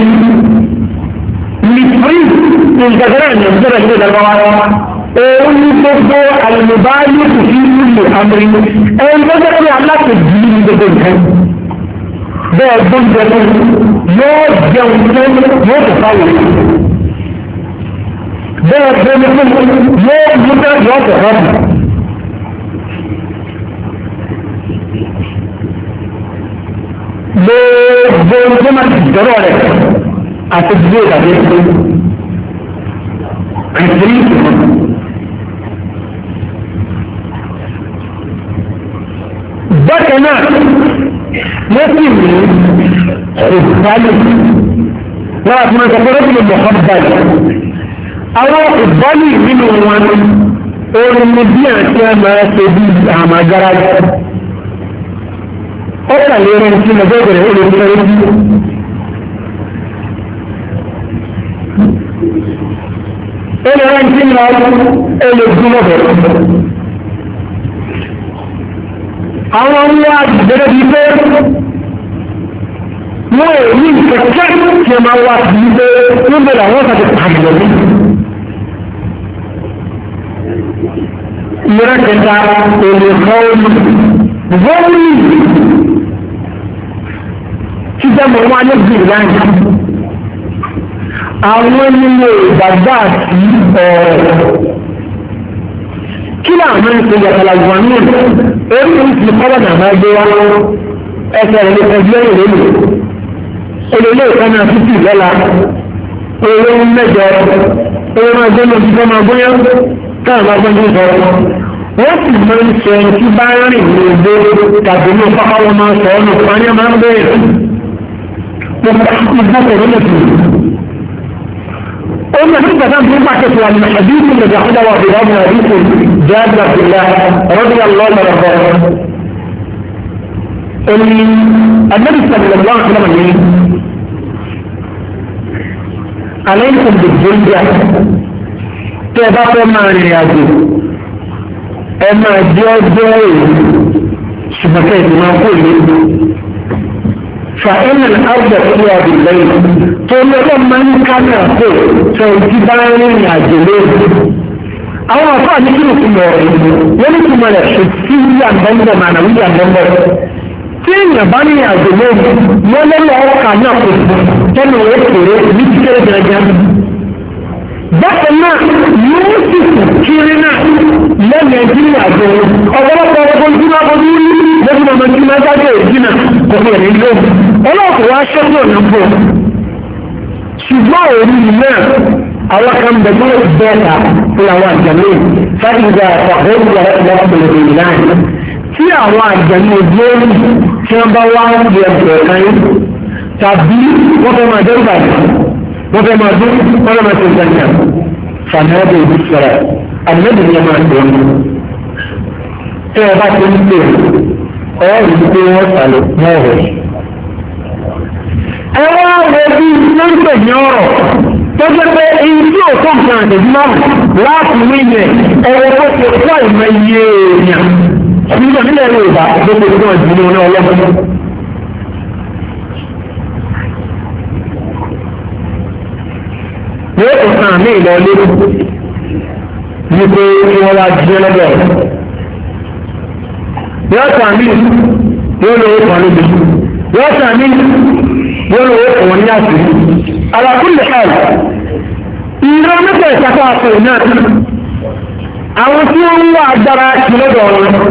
í ìfúrí ìgbàgbọ́n àjẹmí ìjọba ìjọba ìjọba wa òun ní gbogbo àlùbáyé kò sí nílò àmì ẹni tó jẹ́ pé alákòjì ní gbogbo nǹkan bẹ́ẹ̀ gbọ́dọ̀ yóò jẹun tó yóò tó fáwọn bẹ́ẹ̀ bẹ́ẹ̀ ní pé yóò yí bẹ́ẹ̀ yọ ọ̀tọ̀ kan. gbogbo ọjọ́ máa ti dọ́rọ̀ rẹ̀ àti gbogbo ìdàgbé tó kìtìrì ìtìmọ̀. bákan náà wọ́n sì ní ìfàlẹ̀ wọ́n àti mọ̀ ìtọ́kọ́rọ́ sí ìgbọ̀kọ́ báyìí. àwọn ìbọ́lì nínú wọn orin ni bí àti àmà ṣe bí àmà garaajì ó kàlẹ́ orin tí mo fẹ́ bẹ̀rẹ̀ ó lè fẹ́rẹ́ bí. ó lè rán tí mo ó lè gún lọ́bẹ̀. àwọn ń wá gẹ́gẹ́ bíi pé wọ́n ò ní ìfẹ́ kẹ́kẹ́ tí a máa wá sí i pé níbo làwọn kan ti pàdé lọ́wọ́. ìrẹ́ kẹta èlè kọ́ọ̀lù vọ́ọ̀lù títẹ́ mọ̀ wọn ayé gbìyànjú láyé àwọn nílò ìgbàgbà àti ọ̀rọ̀ kí làwọn ń ṣe yàtọ̀ làwọn ní èyí ń fi kọ́wọ́ náà máa gbé wá ẹsẹ̀ rẹ̀ lè fẹ́ lẹ́yìn lónìí olólè kan náà fi tì lọ́la olówó mẹ́jọ owó máa gbé lọ sí wọ́n sì máa ń sọ ẹni tí bá rìn ní ìgbé tàbí ní pápá wọn máa sọ ọ́nà kan ní ọmọ bẹ́ẹ̀ mo bá igbó kọ̀ọ̀rọ̀ lè fi. ó ní àdúgbò kan tó ń pàṣẹ fún àmì àdúgbò lè dà kúndà wà bí wọ́n mú àdúgbò jáde àbílá rọ́bì àlọ́ọ̀lọ́ ọ̀bọ̀. ẹni àdúgbò sàbẹ̀lẹ̀ wọn àti lọ́mọ yìí. àlẹ́ ìkùn dè jẹ́ ìjà tẹ́ ẹ bá fẹ́ máa rìnrìn àjò ẹ máa jẹ́ ọjọ́ èyí ṣùgbọ́n kẹ́ ẹ̀ máa kó ìlú fàáìlì àbùdá tó wà bí lẹ́yìn tó lọ́dọ̀ máa ń ká ní àpò tó ti bá ń rìn àjò lóru. àwọn àfáà ní kíni kùmọ̀ ọ̀rẹ́ wọ́n ní kùmọ̀ rẹ̀ ṣe sí wí àgbọ̀ngbọ̀ màná wí àgbọ̀ngbọ̀. tí èèyàn bá ní àjò lóru wọ́n lọ́lọ́ ọkà ní àpò tẹ́lẹ̀ wọ́n kéré ní kíkéré gẹ́gẹ́. bákan náà yóò sì kéré náà lẹ́nu ẹ̀jìnà àjọ ọ̀pọ̀lọpọ̀ ọgbọ́n tí wọ́n bọ́ ní lẹ́nu ọmọ tí wọ́n dájọ́ ẹ̀jìnà kò fi ẹ̀rí lóhùn ọlọ́pọ̀ wá ṣẹ́gun ọ̀nà pọ̀ ṣùgbọ́n òru náà àwọn kan bẹ̀ tó bẹ́ẹ̀ta láwọn àjẹmí fáìlìgbà àtàkùnrin lọ́pọ̀lọpọ̀ náà tí àwọn àjẹmí olórí tí wọ́n bá wá ń di ẹ̀jẹ̀ kan tàbí wọ́n fẹ́ máa dẹ́rù bàjẹ́ wọ́n fẹ́ máa dún wọ́n fẹ́ máa ṣe ìgbàgbà fàmílẹ́ ànábì ni ẹ máa pè é tẹ ẹ bá ti ń pè é ọ rí pé wọn sàlẹ mọ ọ̀rọ̀ ẹ wá wo bí ló ń pè ní ọ̀rọ̀ tó jẹ́ pé èyí tí ò tó nǹkan àtẹ̀jú máa láti wí yẹn ẹ̀rọ tó ti kọ́ ìmọ̀ iye èèyàn nígbà nílẹ̀ Yorùbá ló ti kọ́ ìdílé wọn ọlọ́gbọ́n. Wọ́n kò sàn mí ìlọ lérò wípé kí wọ́n wá jíjẹ́ lọ́dọ̀ rẹ̀. yóò tàn mí yóò lówó kan níbi yóò tàn mí yóò lówó kan ní àṣírí. àlàkùnlé hàn ìró nípa ìsapá àpèrè náà àwọn tí ó ń wá agbára ìlọ́dọ̀ rẹ̀.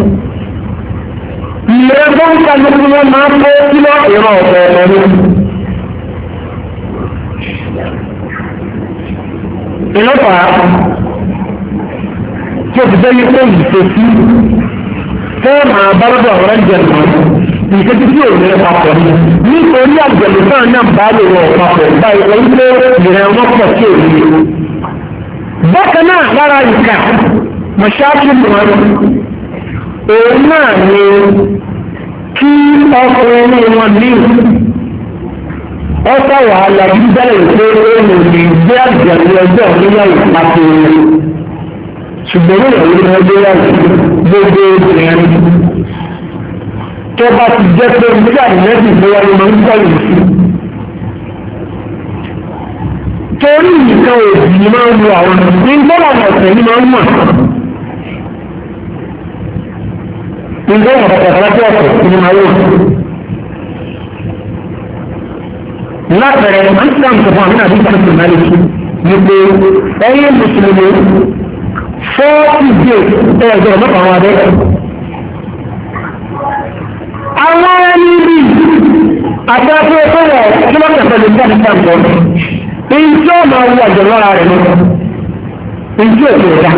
ìrẹ́ tó ń kalu kí wọ́n máa ń kó sílọ̀ ìran ọ̀pọ̀ ọ̀pọ̀ ìlọ́pàá tí o ti fẹ́ yí pé ìfèsì fẹ́ẹ̀mà bárọ́dọ̀ ọ̀rẹ́ jẹ̀mọ̀ ìfèsì tí òun rẹ̀ papọ̀ ni nítorí àgbẹ̀lẹ̀ náà náà bá lè wọ̀ papọ̀ báyìí wọ́n pé ìrẹ̀ wọn pọ̀ sí òun yìí. bákan náà lára ìkà mọ̀ṣáàtì mọ̀ọ́n òun náà ni wàhálà bí bẹ́ẹ̀ pé ó lè gbé àgbẹ̀lẹ̀ ọjọ́ níyàwó pàtó ṣùgbọ́n ní ìyàwó ni wọ́n gbé wá gbogbo obìnrin tó bá ti jẹ́ pé nígbà nẹ́ẹ̀sì tó wáyé ló ń kọ́ yìí sí. torí nǹkan òbí ni máa ń wo àwọn ní gbọ́dọ̀ ọ̀sẹ̀ ni máa ń mọ̀. nígbà wọn pàtàkì ọ̀sẹ̀ ni máa wò. látẹ̀rẹ̀ amsterdam tó fún àmì àbí tó máa lè ṣe ni pé ẹ̀yìn mùsùlùmí fọ́ọ̀tì díẹ̀ ẹ̀ẹ́dọ̀ mọ́ta wọn adé. àwọn ẹni bí àti ẹgbẹ́ tó wọ̀ tí wọ́n kẹfẹ́ lè jáde sáà lọ ìjọ ọmọ ọwọ́ ọ̀jọ̀ lọ́ra rẹ̀ lọ ìjọ ètò ìdá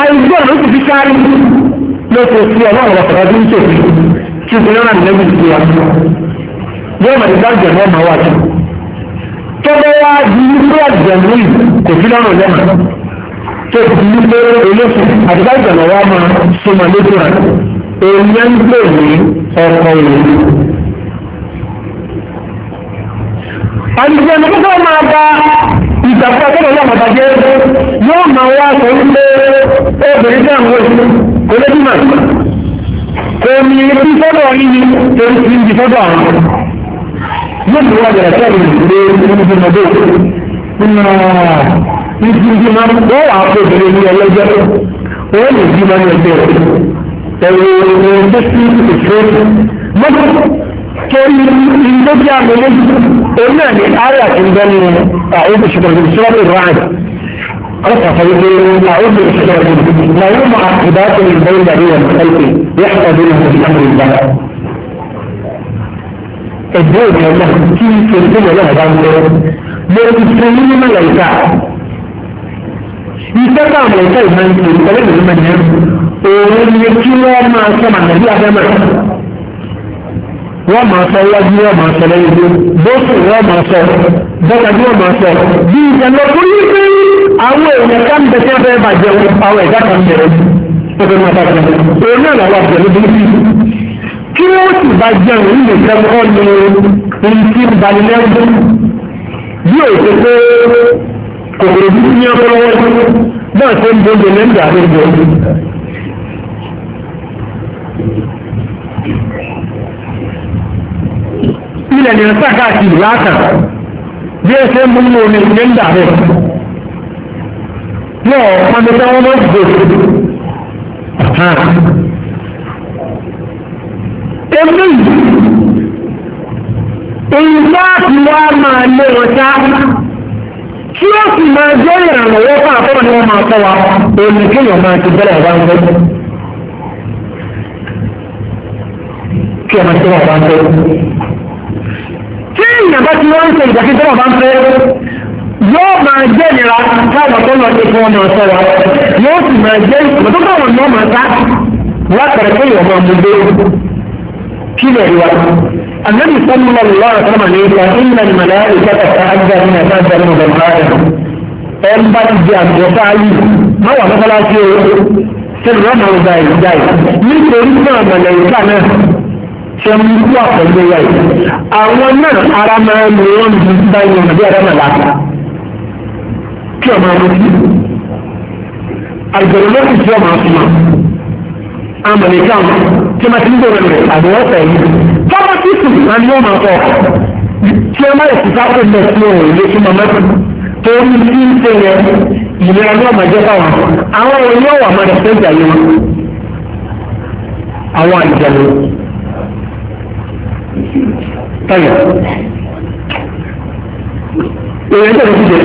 àìjọ ló ti fi kárí ló ti fi ọlọ́run ọ̀sọ̀rọ̀ bí ń tò kí ìpínlẹ̀ náà nílẹ̀ ìgbé wa yóò mọ̀ nígbà jẹ̀ mọ́ ọmọ wa jù tó bẹ́ wá di ilé àjẹmú yìí kò sí lọ́rùn lẹ́nu tó ti ní pé olóṣù àtibá ìgbàlọ́ wa máa súnmọ́ lójú rẹ̀ èèyàn ń pè ní ọkọ̀ ìlú. àdìgbẹ́ni kókó máa bá ìgbàgbọ́ tó lọ́wọ́ àmàbà jẹ́ yóò máa wá sọ wípé obìnrin tẹ́ ń wò kò lè dìmọ̀ kò ní ibi sọ́dọ̀ yìí tó ń fi ibi sọ́dọ̀ àwọn yóò ti wá bẹ̀rẹ̀ sẹ́yìn lé nínú ọdún nínú ìdíjí máa ń kó àpòbìnrin ní ẹlẹ́jẹ́ wọ́n lè jí máa ń ẹgbẹ́ ẹ̀rọ ìrìn tó sí ìṣòro mọ́tò torí ilé bí àmì méjì òun náà ní àyà tí ń bẹ́ nínú àwọn òṣèlú ìṣòro ìrìn رفع يقول أعوذ بالشرك لا يوضع عقبات من بين بين خلقي يحظى بينه في أمر الله الدنيا التي تنزل لها بعد لو تسلم ليس iṣẹ́ táwọn ẹ̀kọ́ ìmọ̀ ìṣe ìtẹ́lẹ̀ ìlú mẹ́rin òun ni kí wọ́n máa sọ màgàbí abẹ́mọ̀ wọ́n máa sọ wájú wọ́n máa sọ lẹ́yìn tó bóṣù wọ́n máa sọ bọ́tàjú wọ́n máa sọ bí ìjànlọ fún yí pé àwọn èèyàn ká ń bẹ̀tẹ́ fẹ́ bàjẹ́ àwọn ẹ̀dá kan bẹ̀rẹ̀ tó fẹ́ máa bàjẹ́ òun náà làwọn àbẹ̀rẹ̀ ló bí kí wọ́n sì bàjẹ́ òun lè fẹ́ kọ́ ni ohun tí ń balẹ̀ lẹ́gbẹ̀ẹ́ bí òṣèlú kò lè ní ní ọpọlọwọ náà tó ń bọ́ọ̀lù lẹ́ńdà ló ń bọ̀ ilẹ̀ ní ẹ̀sà káàkiri láàkàn bí ẹ ṣe ń múlò ní lẹ́ńdà rẹ̀ náà pàmìtà wọn lọ gbò Èmi ìgbà tí wọ́n máa lé ọjà tí ó sì máa jẹ́ ìrànlọ́wọ́ fún àtọ́wọ́ ni wọ́n máa tọ́ wa òní kéèyàn máa ti bẹ́rẹ̀ wá ń gbé kí ọmọ tí wọ́n bá ń gbé tí èèyàn bá ti wọ́n ń ṣe ìdàkí tí wọ́n bá ń gbé yóò máa jẹ́ ìnira káwọn tó lọ sí fún ọmọ ọ̀sẹ̀ wa yóò sì máa jẹ́ ìpàdé káwọn ní ọmọ ọ̀sá látàrí kéèyàn máa mú gbé kí lè rí wa النبي صلى الله عليه وسلم فإن الملائكة تتعدى من أساس من ذنبائهم أم بنجي أم وفعلي ما هو مثلا في سرنا وزاي زاي nítorí náà mọ̀lẹ́yìká náà ṣe ń wà pẹ̀lú ẹ̀yà yìí àwọn náà ara máa ń lo wọn ju báyìí wọn bí ara máa láta kí ọmọ ọmọ sí àgbẹ̀rẹ̀ lọ́sùn tí ọmọ ọmọ amọ̀nìkan tí ma ti ń gbòòrò rẹ̀ àbí wọ́n fẹ̀ yìí tọ́pọ̀ tí kù náà ni ó máa kọ́ tí ọmọ rẹ̀ sísá kò lọ sí òun ilé tí màmá kù tó ní tí ń ṣe yẹ ìlera ní ọmọ ìjẹta wọn àwọn ohun yóò wà máa rẹ̀ sẹ́jà yìí wọn àwọn àjẹmọ́ tọ́yọ̀ èèyàn tẹ̀lé ti jẹ́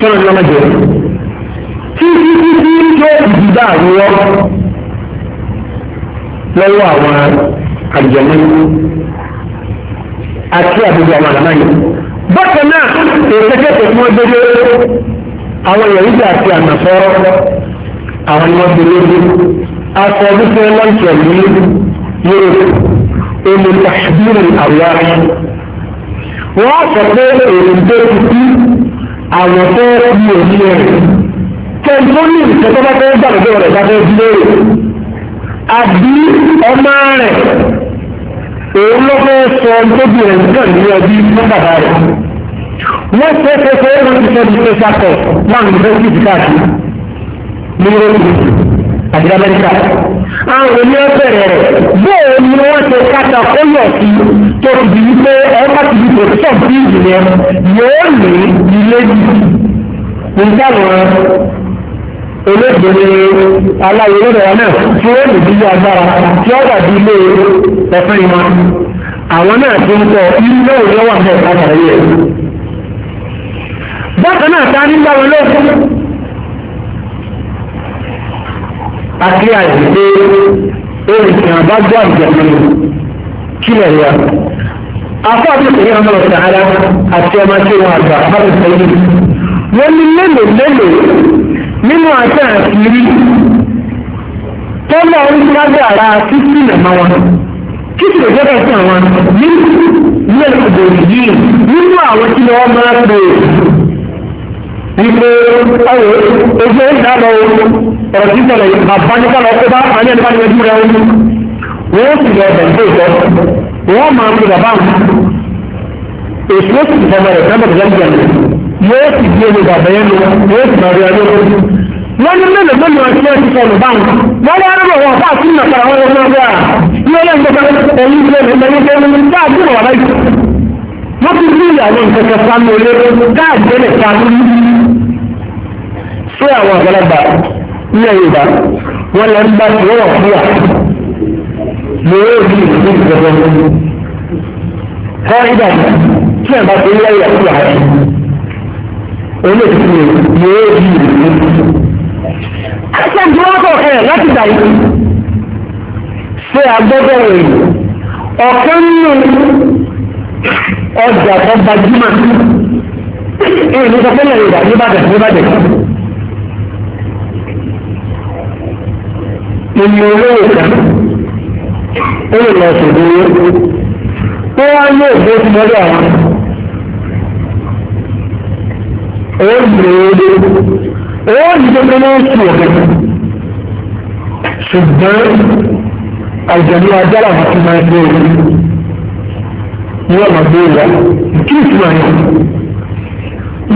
tọ́lọ́ ní ọmọ jẹ́ títí títí yóò dìbò dàrú ọ lọ́wọ́ àwọn àjẹmọ́ àti àbúrò àwọn àlámà yìí. bákan náà ìrẹsẹ̀kẹ́ tó fún ọdún yóò àwọn ìyẹ̀wùjẹ́ àti ànàfọ́rọ́ àwọn ni wọ́n ti lójú aṣọ ọdún fún lọ́ǹtì ẹ̀mí yóò èlò tàbílì àríyá wọ́n sọ pé èrò ń dé títí àwọn tó rí òní ẹ̀rìn kẹ́ni tó ní ìṣẹ́ tó bá fẹ́ gbàgbọ́ rẹ̀ bá fẹ́ dúró rẹ̀ àbí ọmọ rẹ̀ òun ló fẹ́ sọ tóbi rẹ̀ nígbà ní ọdí fún bàbá rẹ̀ wọ́n fẹ́ fẹ́ fẹ́ wọ́n ti fẹ́ di special court láwọn university káàkiri ní europe àti amẹ́ríkà àwọn ènìyàn bẹ̀rẹ̀ rẹ̀ bóò ni wọ́n ṣe káta ó yọ̀ sí tó di wípé ẹ̀ka ti di profession bíi ìyẹn yóò lè ilé yìí nígbà wọn olóògbére aláwo lọ́dọ̀wà náà tí ó lè dílé agbára tí ó dàbí ilé ẹ̀fẹ́ ìmọ̀ àwọn náà ti ń kọ ilé òyìnbó wà ní ẹ̀ka àtàrí ẹ̀. bákan náà ta ní bá wọn lóògùn àti àìsíté èrìkì àbájọ àjẹmọ́ kílẹ̀ rẹ̀ afọ́ àti ìpínlẹ̀ ọmọ ọ̀sán ara àti ọmọ tí wọn àgbà bá ti sẹ́yìn wọ́n ní mélòó mélòó nínú àṣẹ àṣírí tọ́lọ̀ oríṣiríṣi ara títí nàmá wọn títí lè jẹ́kẹ̀ sí àwọn ní ní ẹ̀kọ́ yìí nínú àwọn tí wọ́n máa ń pè wípé ọ̀rọ̀ ojú ó dábọ̀ ọ̀rọ̀ tí sọ̀rọ̀ bàbá nípa lọ kó bá àní ẹni bá ní ojú rẹ̀ wọ́n sì lọ ọ̀bẹ̀ tó ìtọ́ wọ́n máa ń pè bàbá àwọn èso sì rẹ̀ sábà tó jẹ́ yóò sì di olè bàbá yẹn lọ yóò sì bàbá yẹn lọ wọ́n ní mélòó mélòó ẹni náà ti sọ̀rọ̀ báwọn wọ́n wá rẹ̀ wọ́n fà sí nàkàrà wọn lọ́wọ́ náà wà ní ọlọ́run tó fẹ́ ẹ̀yìn ilé rẹ̀ lẹ́yìn tó ń bá àbúrò wà láyé wọ́n ti rí ìyàwó nǹkan kan sánú ilé káàdì ẹ̀lẹ̀ sánú sí àwọn àgbàlagbà ní ẹ̀yìnbá wọ́n lọ ń bá tí wọ́n wà fún wa lórí òbí ìlú ìjọba kọ́ ìdàgbà tí ẹ̀ bá ti ń lẹ́yìn àti àti eléyìí yóò di ìrètí. ẹsẹ̀ tí wọ́n kọ̀ ẹ̀ láti gbà yìí ṣé agbẹ́bẹ̀ rẹ̀ ọ̀kan nínú ọjà tó gbajúmọ̀ ìrìn ní sọpẹ́lẹ̀ ìgbà níbàdàn níbàdàn. Ìmọ̀ olóòwò kan ó lè lọ sọ̀dọ̀ owó. Ó wá ní òbí ó ti mọ́lẹ̀ àwọn. ó lòóde ó lòóde lórí ọ̀gẹ̀ ṣùgbọ́n àjẹ̀lú ajára àti máa gbé orí ní ọ̀nà gbé ìyá kí ìtumọ̀ yẹn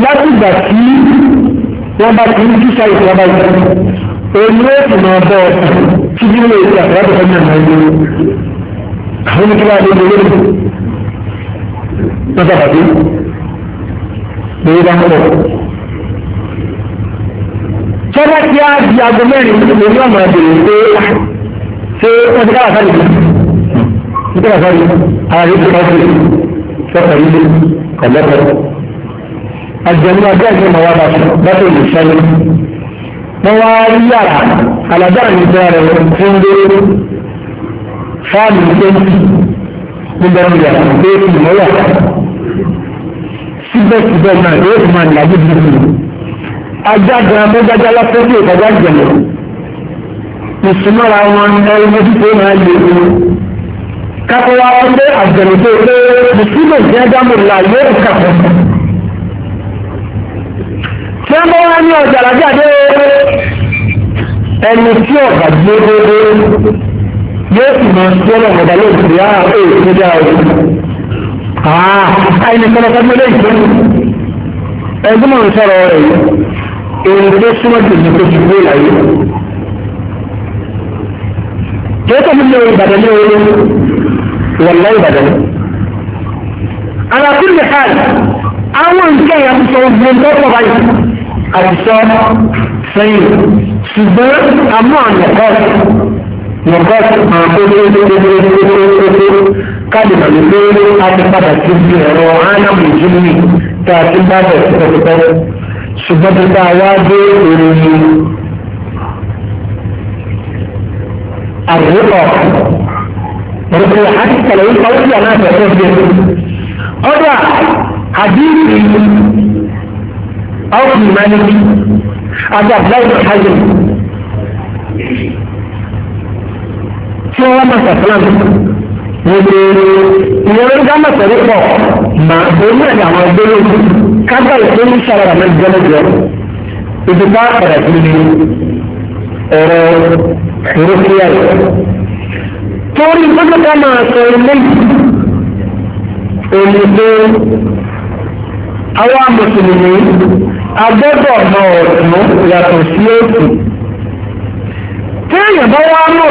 láti gbà tí wọ́n bá ti ń kí sáyé tí wọ́n bá yẹ òun ló sì máa bọ́ ọ̀sán tí bí wọ́n èsì àtàrà tó fẹ́ẹ́ náà yẹ àwọn oníkíláàdé lórí ọ̀sán pàtàkì lórí bá pọ̀. Tọ́lá tí a di aago mẹ́rin lórí ọ̀nà ìbèrè pé ṣé wọ́n ti kára sáré bí? Ní kára sáré, ara rẹ̀ ti kọ́ sí ilé kọ̀lẹ́kọ̀. Àjẹ̀mú ọjọ́ ìgbẹ́ mọ̀ wá bá sọ lọ́tọ̀ Wọ́n wá rí yàrá àlàjá mi jẹ́ rẹ̀ tí ń gbé fáàlì tó ń bẹ̀rù yàrá pé ìmọ̀lá síbẹ̀síbẹ̀ náà yóò fi máa nìyàjú bí mi ajá gan mọ́jájá lásán bí ìkọjá jẹ̀lẹ̀ ìsúnmọ́ra wọn ẹni ojú tó máa lè wọ́n kápẹ́wá ọdẹ àjẹ̀lẹ̀ tó pé mùsùlùmí ní ádámù là yóò kàpọ̀ tí wọ́n bá wá ní ọjà làjáde ẹni tí ọ̀gá gbé déédéé yóò sì máa ń sọ́nà ọ̀gá lóògùn yára èèyàn tó dáa ẹni kan ọ̀sán lé ìpín ẹgbẹ́ mọ̀ sọ̀rọ̀ rẹ̀ èyí tó súnmọ́ jù ní kò ṣùgbọ́n ìlàyé tó kọ́ mi lé ìbàdàn ní orí wọ̀n lọ ìbàdàn alákùn lè hàn àwọn nǹkan yà ti sọ ogun tó pọ̀ báyìí àtìsọ sẹ́yìn ṣùgbọ́n àmọ́ àyẹ̀kọ́ yẹ̀kọ́ àwọn tó tó tó tó tó tó tó tó káàdì màmí pé a ti padà sí ibi ẹ̀rọ ánámù ìjírí tá a ti bá bẹ̀ tipẹ́tipẹ́ ṣùgbọ́n tó bá wá dé ìròyìn àrùkọ rògbò àti tẹ̀lé yìí kọ́wé sí àná àtẹ̀tẹ̀ ṣe. ọ̀dà àdìsí ọ̀kùnrin mánìkì àti àbúláyé hajj tí wọ́n wá máa sàfúlàmù. Gbogbo ìyẹn ló ń dá mọ̀tẹ́rì pọ̀, mà òun náà ni àwọn gbólóhùn kábà ìpín ní sàrọ̀rọ̀ náà jẹ́lẹ́jẹ́. Ìdìbò àpẹẹrẹ fún mi ọ̀rọ̀ ìrókìá yìí. Torí gbogbo ká máa sọ ilé òyìnbó àwọn mùsùlùmí agbẹ́bọ̀ náà ọ̀tún yàtọ̀ sí òkú. Téèyàn bá wá mọ̀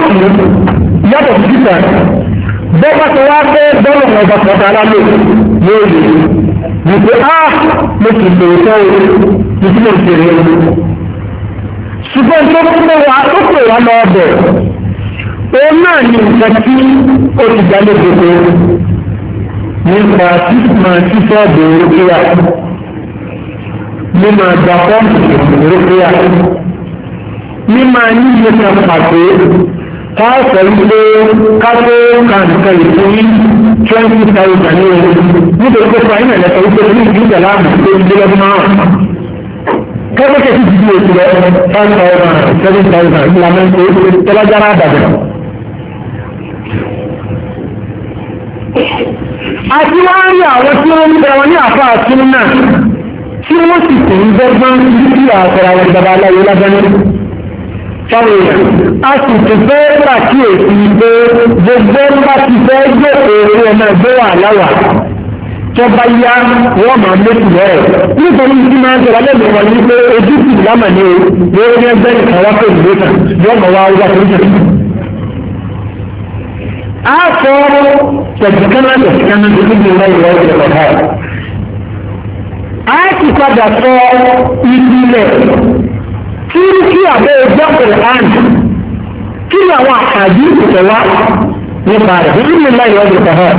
yàtọ̀ sí kíkà bọ́bá ti wá fẹ́ bọ́ọ̀lù ọ̀gbà pọ̀tà lálẹ́ yóò lè ní pé á mo sì lè tọ́ o mo sì lè tẹ̀lé o. ṣùgbọ́n tó kúrò wá ó pè wá lọ ọbẹ̀ òun náà ní nǹkan tí ó ti dalé gbogbo nípa máa ṣiṣẹ́ ìbéèrè kíá ní máa gba fọ́ọ̀mù ìbéèrè kíá ní máa ní iye kan pàtó káàkiri pé káàkiri kàǹkan ìfún yí twenty thousand ní ewu nítorí pé fún àyínà ẹ̀lẹ́sọ̀ wípé ní ìlú ìjọba àmì tó ń dé lọ́dún márùn-ún kẹ́kẹ́kẹ́ ti dìbò ètò rẹ̀ five thousand seven thousand ìlú amẹ́ńtò tọ́lájára àdàbẹ̀. àti wá rí àwọn tí wọ́n ń bẹ ní àfa àtúnú náà tí wọ́n sì tẹ̀ ń bẹ́gbọ́n bí kí àtọ̀rọ̀ àwọn ìjọba aláwo lábẹ́rẹ́ fáwọn èèyàn a sì ti fẹ́ pàkíyèsí pé gbogbo bá ti fẹ́ jókòó owó ọmọ ẹgbẹ́ wà láwà tó bá yá wọ́n máa méjì lọ́rẹ̀ nítorí tí máa ń sọ lálẹ́bí wọn ní pé ojú sì lámà ní o wọ́n ní ẹgbẹ́ nìkan wá pé ìwé kan yóò mọ̀ wá wá tó a sọ tẹ̀síkánná tẹ̀síkánná tó ti di lọ́wọ́ ìwọ́ ìjọba a ti padà sọ ìdílé kí kí àbẹ́ ẹgbẹ́ kùrán kí ni àwọn àkàdé ìpìtẹ̀ wá nípa rẹ̀ nínú ìlú láì wọ́n ti sàhà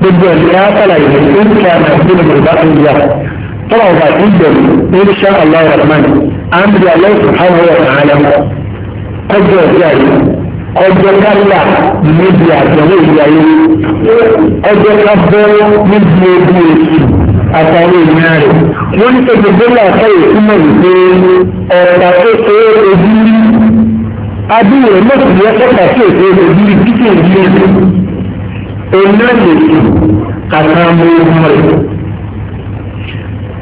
gbogbo ẹ̀ ní àkàlà ìlú tó ń kí àmà ìlú yorùbá tó ń yà tọ́lá ọba ìgbẹ̀rù ní ṣá aláwọ̀ rahman àmì aláwọ̀ subhanahu wa ta'ala kọjọ ọjọ́ ayé ọjọ́ kálá níbi àjọwé ìyá ayé ọjọ́ kábọ́ níbi ebi èsì àtàrí ìrìnà rẹ̀ wọ́n ní pẹ̀lú gbọ́lá àtàrí ìmọ̀ wípé ọ̀tà tó tó ojú rí abúlé mọ̀tì yẹ kọ́tà tó tó ojú rí títí ìdí ẹ̀sìn ọ̀nà lèsì àtàmọ̀ ogun rẹ̀.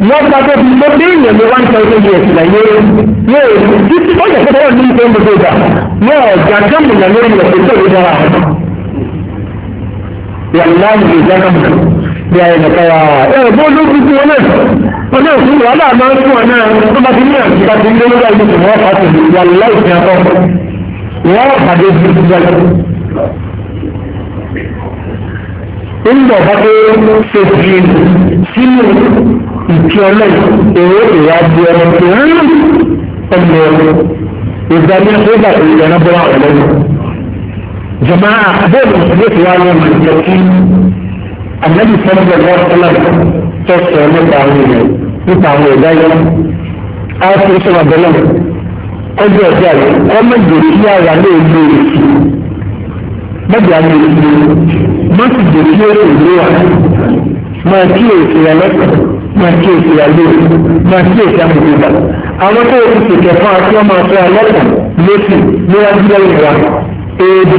wọ́n gba tó fi tó dé ìyẹn ní one thousand years láyé yóò títí ó yẹ kó wọ́n ní ìfẹ́ gbogbo ìgbà wọ́n ọ̀gá gámìnà lórí ẹ̀sìn tó ìdára yàrá ìgbà gámìnà bí ayé nìkan wà ẹ̀ bó ló fi fún wọn náà wọn náà fún wàhálà máa ń fún wọn náà tó bá ti ní àti ká ti ń lórí àyè tó wọ́n pàtó wà láì fi akọ́ wọ́n pàdé fi fún wọn. Nígbà bá ànábì sọ́dọ̀ lọ́sọ́lá tó sọ nípa àwọn èèyàn nípa àwọn ẹ̀dá yẹn á fi sọ̀rọ̀ bẹ́lẹ̀ ọjọ́ ẹ̀dá rẹ̀ kọ́mẹ́jì kí ara lè lo èsì mẹ́jọ àwọn èsì má sì jẹ́ kí èrè ìlú wa máa kí èsì rẹ̀ lọ́sọ̀ máa kí èsì rẹ̀ lórí máa kí èsì àwọn ìgbà àwọn tó ti ṣèkẹ́ fún akíọ́mọ àti alọ́kàn lóṣù níwájú lẹ́yìn wa éèdì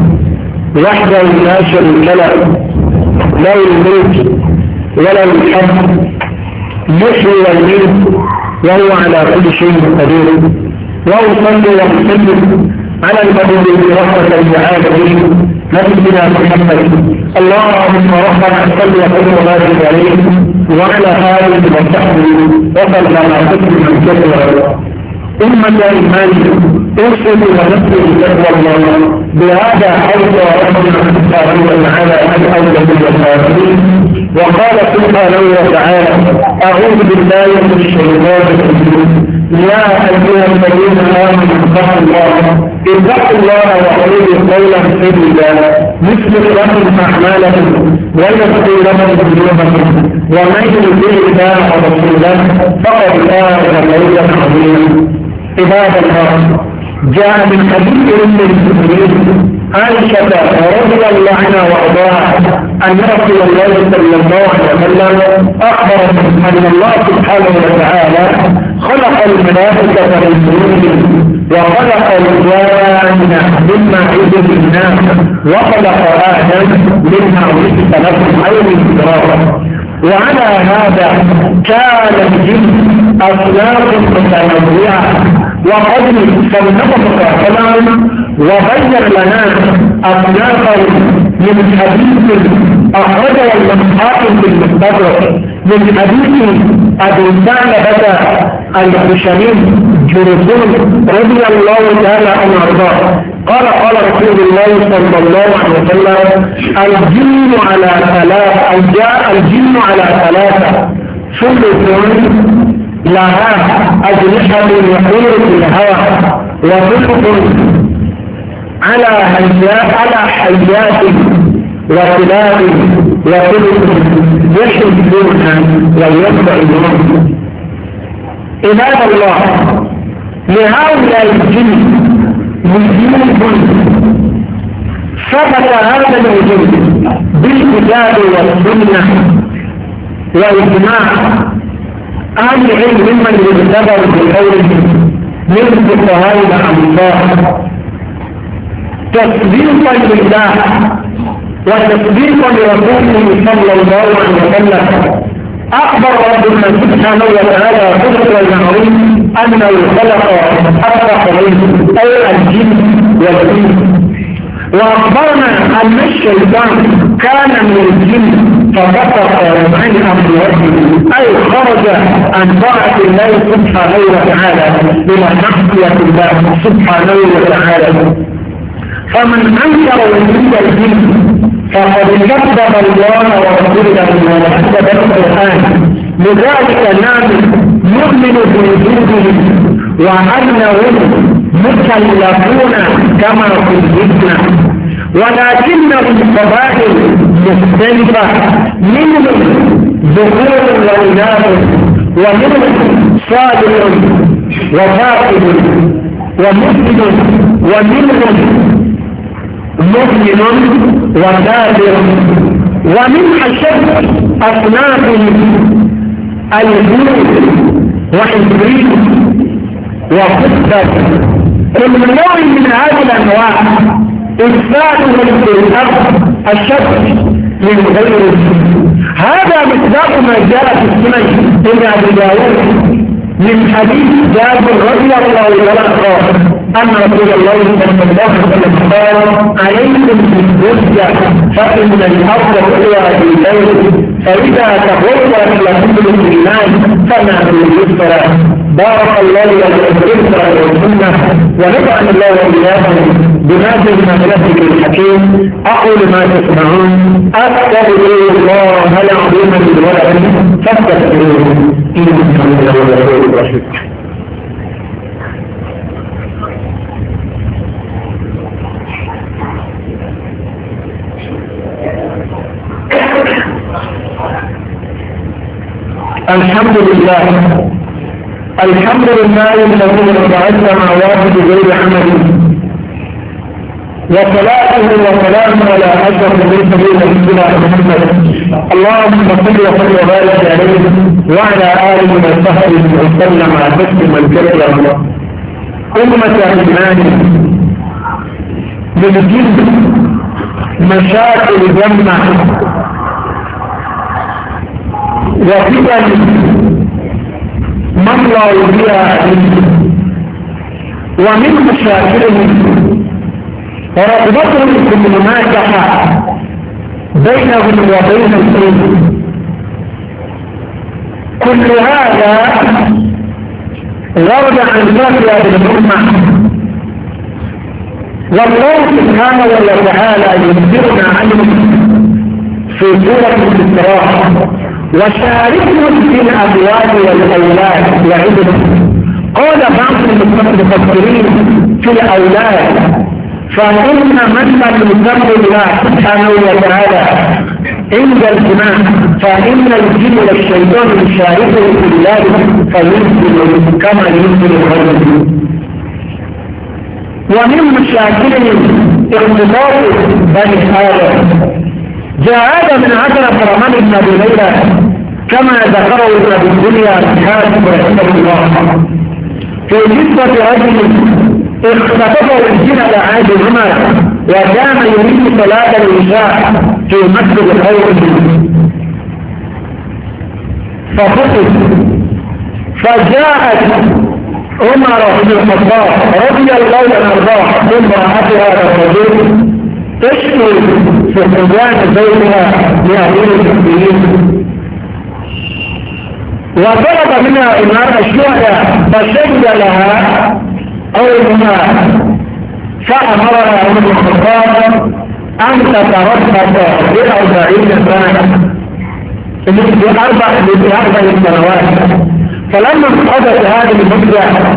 وحده لا شريك له لا الملك ولا الحمد يحيي ويميت وهو على كل شيء قدير واصلي واسلم على المبعوث رحمة للعالمين نبينا محمد اللهم ربنا صل وسلم وبارك عليه وعلى آله وصحبه وسلم تسليما الله أمة من ارشد ونفسه تقوى الله بهذا حوض ربنا سبحانه وتعالى أن أولى بالمصابين وقال سبحانه وتعالى أعوذ بالله من الشيطان الرجيم يا أيها الذين آمنوا اتقوا الله اتقوا الله وقولوا قولا سديدا يصلح لكم أعمالكم ويغفر لكم ذنوبكم ومن يطع الله ورسوله فقد فاز فوزا عظيما عباد الله جاء من حديث ام قال عائشة رضي الله عنها وارضاها ان رسول الله صلى الله عليه وسلم اخبر ان الله سبحانه وتعالى خلق الملائكة من نور وخلق الجان مما عز الناس وخلق آدم مما عز لكم عين إدراكا وعلى هذا كان الجن أصناف متنوعة وقد فلنفق كلام وبين لنا أصنافه من حديث أخرجه المحاكم في المستدرك من حديث أبي ثعلبة الخشني جرثوم رضي الله تعالى عنه أرضاه قال قال رسول الله صلى الله عليه وسلم الجن على ثلاثة أو جاء الجن على ثلاثة ثلث لها أجنحة يطير في الهواء وصدق على حيات على حيات وكلاب وكلب ويقطع ويبعدون عباد الله لهؤلاء الجن وجوه ثبت هذا الوجود بالكتاب والسنة والإجماع أهل العلم ممن يعتبر بقوله من عن الله تصديقا لله وتصديقا لرسوله صلى الله عليه وسلم أخبر ربنا سبحانه وتعالى قدرة العظيم أنه خلق الطقرين أي الجن والإنس وأخبرنا أن الشيطان كان من الجن فسقط عن امر اي خرج عن طاعه الله سبحانه وتعالى الى معصيه الله سبحانه وتعالى فمن انكر وجود الدين فقد كذب الله ورسوله وكذب القران لذلك نعم نؤمن بوجوده وانهم مكلفون كما كلفنا ولكن قبائل مختلفة منهم ذكور وإناث ومنهم صالح وفاقد ومسلم ومنهم مؤمن وكافر ومن أشد أصناف الجنود وإبريل وقدر كل نوع من هذه الأنواع إثباتهم أشد من غير هذا مصداق ما جاء في السنة ابن أبي داود من حديث جابر رضي الله عنه قال أن رسول الله صلى الله عليه وسلم قال عليكم بالرجة فإن الأرض هو إليه فإذا تغيرت لكل الإيمان فما في اليسر بارك الله لكم والسنة ونفعنا الله وإياكم بما في المملكة الحكيم أقول ما تسمعون أستغفر الله العظيم من ولد فاستغفروه إنه من الغفور الرشيد الحمد لله الحمد لله الذي رفع السماوات بغير عمل وصلاته وسلامه على اشرف سبيل سيدنا محمد اللهم صل وسلم وبارك عليه وعلى اله وصحبه وسلم على تسليما الله أمة الإيمان جد مشاكل جمعه من لا بها ومن مشاكلهم ورغبتهم في المناجحة بينهم وبين الدين كل هذا ورد عن فتوى بالأمة والله سبحانه وتعالى يخبرنا عنه في سورة الاستراحة وشاركهم في الأبواب والأولاد يعدهم قال بعض المفكرين في الأولاد فإن من المكمل الله سبحانه وتعالى عند الجماع فإن الجن والشيطان يشاركه في الله فينزل كما ينزل غيره ومن مشاكلهم اختلاط بني آدم جاء هذا من عشرة فرمان ابن أبي ليلى كما ذكره ابن أبي الدنيا الحاسب رحمه الله في جثة رجل اختطفه الجنة عاد عمر وكان يريد صلاة العشاء في مسجد قومه فخطب فجاءت عمر بن الخطاب رضي الله عنه وارضاه ثم هذا الرجل تشمل في حجان بينها لأهل المسلمين وطلب منها إمام الشهداء فشد لها أو ما فأمرها ابن الخطاب أن تتربص بأربعين سنة بأربع بأربع سنوات فلما انقضت هذه المدة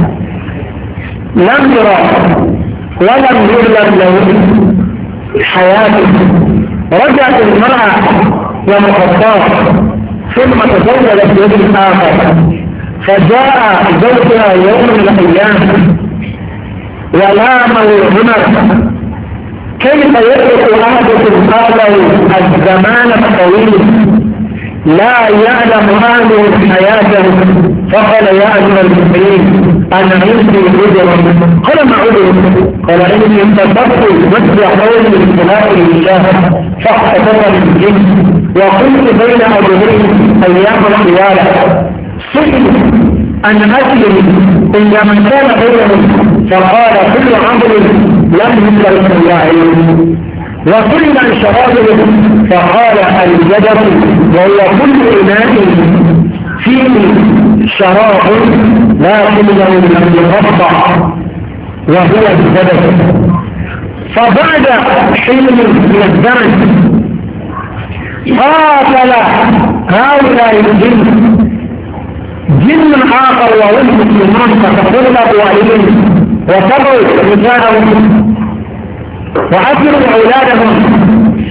لم يرى ولم يولد له حياته رجعت المرأة يوم الخطاب ثم تزوجت برجل آخر فجاء زوجها يوم من الأيام ولام عمر كيف يترك أحدكم هذا الزمان الطويل لا يعلم أهله في حياته فقال يا أيها المسلمين أنا عندي عذرا قال ما عذر قال إني انتصرت مثل قول الخلاف لله فاحتفظ الجن وقلت بين أجرين أيام الخيالة سئل أن أسلم إلا من كان غيره فقال كل عمل لم يكن الله وكل من شرابه فقال الجدر وهو كل إناء فيه شراب لا له من يقطع وهو الجدر فبعد حين من الدم قاتل هؤلاء الجن جن آخر وهم مسلمان فتفرقوا عليهم وصبروا رجالهم وأكلوا أولادهم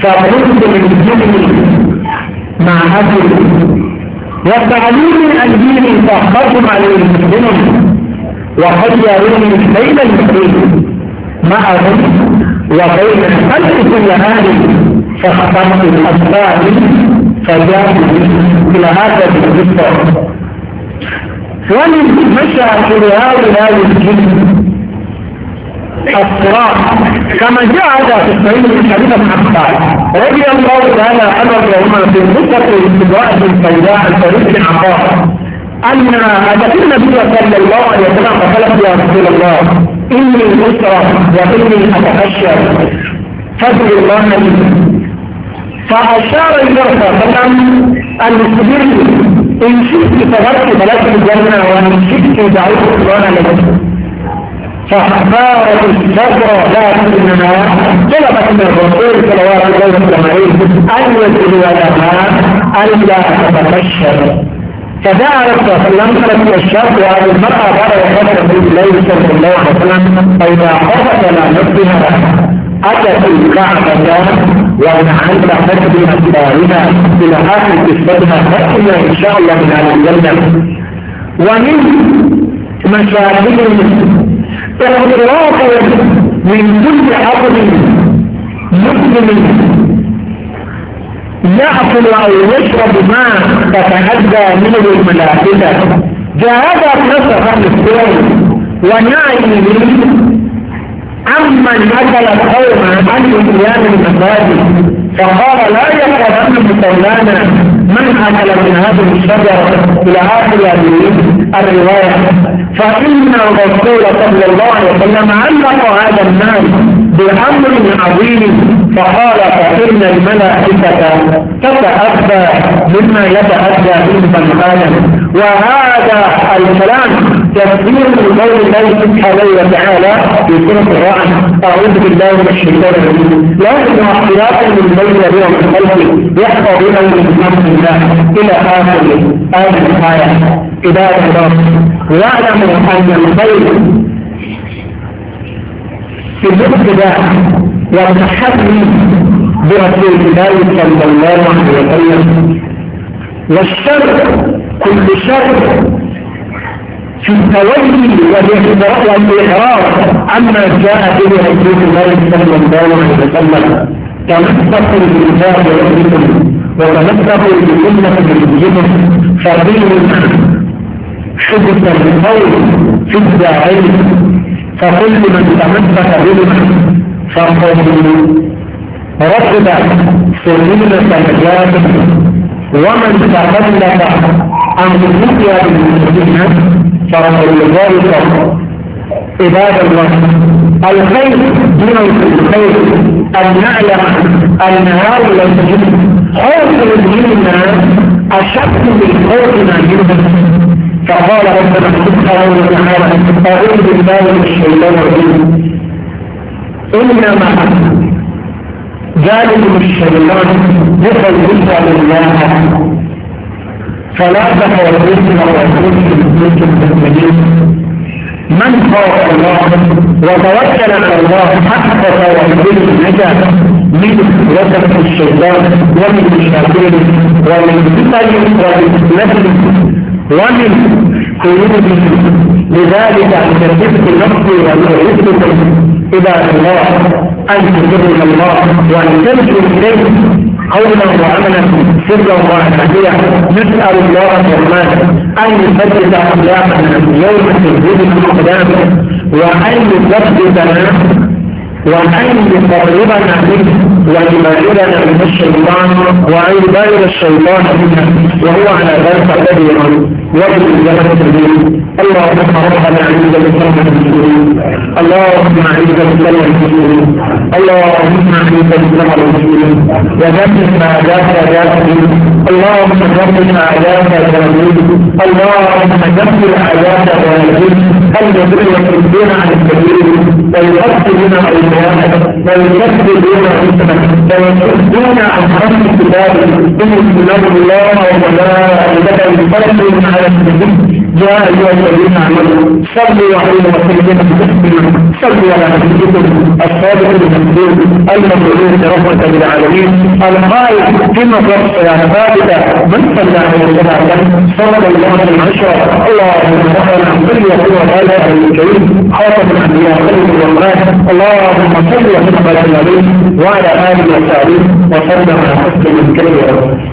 من للجبن مع أكل والتعليم فأخذهم فقدم عليه المسلم وخيروني بين المسلمين معهم وبين الخلق كل هذه فاخترت الأسباب فجاءت إلى هذا المستوى ومن مشى في هؤلاء الجن الصراط كما جاء هذا في الصحيح من حديث ابن عباس رضي الله تعالى عنه وهما في مدة استدراء البيضاء عن طريق بن عباس أن أتت النبي صلى الله عليه وسلم قال يا رسول الله إني أسرى وإني أتخشى فضل الله لي فأشار إلى رسول أن يخبرني إن شئت فغرت فلست الجنة وإن شئت دعوت الله لك فأخبار البصرة لكننا طلبت من الرسول صلوات الله وسلم عليه أن يدعو لها ألا تتبشر فدعا رسول الله صلى الله عليه وسلم الشاب وهذه المرأة بعد وفاة رسول الله صلى الله عليه وسلم فإذا خفت على نفسها أتت الكعبة وأنعمت حسبها الطاهرة إلى آخر كسبتها فأتنا إن شاء الله من أهل الجنة ومن مشاكل إخراجا من كل عقل مسلم يأكل أو يشرب ما تتعدى منه الملائكة جاهد نصر السير ونعيه عمن أكل القوم عن إتيان المساجد فقال لا يقربن مولانا من أكل من هذه الشجرة إلى آخر هذه الرواية فإن الرسول صلى الله عليه وسلم علق هذا المال بأمر عظيم فقال فإن الملائكة تتأبى مما يتأبى به من آدم وهذا الكلام تفسير قول الله سبحانه وتعالى في سورة الرعد أعوذ بالله من الشيطان الرجيم لكن اختلاف من بين بين الخلق يحفظ من أمر الله إلى آخر آية الآية عباد الله واعلموا أن الخير في الابتداء والتحري برسول الله صلى الله عليه وسلم والشر كل شر في التولي والاحترام عما جاء به رسول الله صلى الله عليه وسلم تمسكوا بالله ربكم وتمسكوا بالأمة نبيكم فدين حدث القول في الداعين فكل من تمسك بهم فقد ركب سنين الحجاب ومن تخلف عن الرؤيا بالمسلمين فقد لذلك عباد الله الخير دون الخير أن نعلم أن هؤلاء الجن خوف منا أشد من خوفنا منهم فقال ربنا سبحانه وتعالى أعوذ بالله من الشيطان الرجيم إنما ذلك الشيطان يخوف الله فلا تخوفن وكنتم كنتم تؤمنين من خاف الله وتوكل على الله حتى توحيد النجاة من وسط الشيطان ومن مشاكله ومن فتن ومن ومن قلوبهم لذلك عند رزق نفسي ومن رزقكم إلى الله أن تذكروا الله وأن تلجوا إليه قولا وعملا سرا وعملية نسأل الله الرحمن أن يثبت أخلاقنا يوم تزيد الأقدام وأن يثبتنا وأن يقربنا منه ويبعدنا من الشيطان وأن يبعد الشيطان منا وهو على ذلك قدير وجه الجنة الكريم اللهم ربنا عز بالسلام المسلمين اللهم عز بالسلام المسلمين اللهم عز بالسلام المسلمين وذكر ما جاءك يا كريم اللهم ذكر أعداءك يا كريم اللهم ذكر أعداءك يا كريم الذين يصدون عن السبيل ويؤكدون أولياءك ويكذبون رسلك ويصدون عن حق كتابك إن كتاب الله وملائكته يصلون على يا أيها الذين آمنوا صلوا عليه وسلموا بتسليما صلوا على نبيكم الصادق المصدوق المبعوث رحمة للعالمين القائد في مقص يعني ثابتة من صلى عليه وسلم صلى الله عليه عشرة اللهم صل على كل وقوة هذا الكريم خاتم الأنبياء خير الأمراء اللهم صل وسلم على النبي وعلى آله وصحبه وسلم على حسن الكريم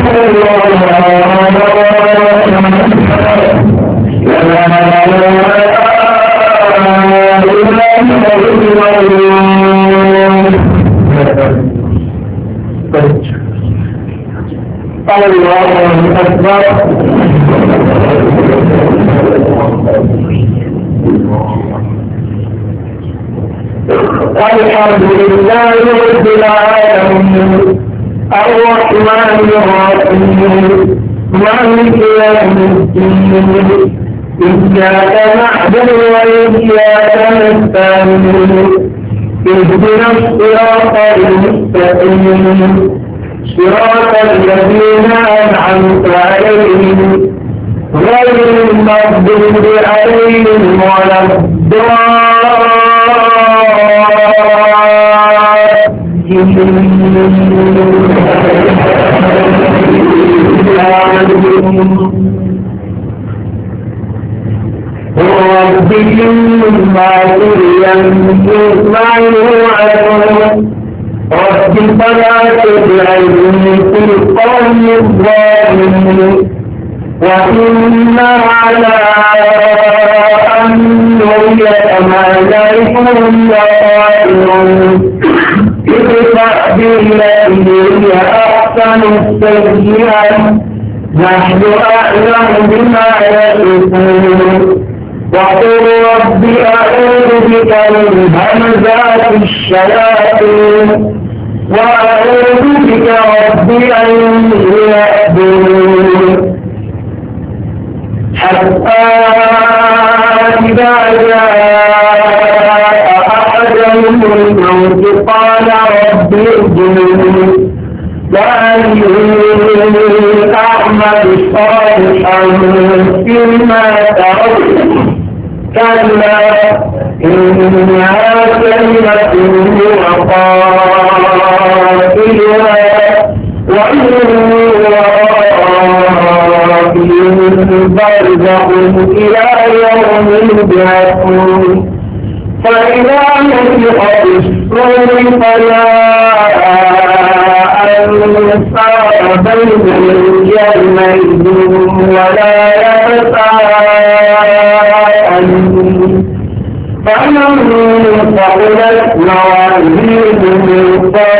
الحمد لله رب العالمين الرحمن الرحيم يا مسكين إياك نعبد وإياك نستعين اهدنا الصراط صراط الذين أنعمت عليهم غير المغضوب عليهم ولا الضالين رب مما تريني رب فلا تجعلني في القوم الظالمين وإنا على أن نريك ما لهم لقائرون ادفع بالذي هي أحسن السيئة نحن أعلم بما يصفون وقل رب أعوذ بك من همزات الشياطين وأعوذ بك رب أن يأبون حتى إذا جاء أحدهم الموت قال رب ارجعون وأني أعمل صالحا فيما تركت كلا إنها كلمة هو قائلها وإني ورائهم برزخ إلى يوم يبعثون فإذا نفخت الصور فلا أنصار بين الجنين ولا يتساءلون فمن ثقلت موازينه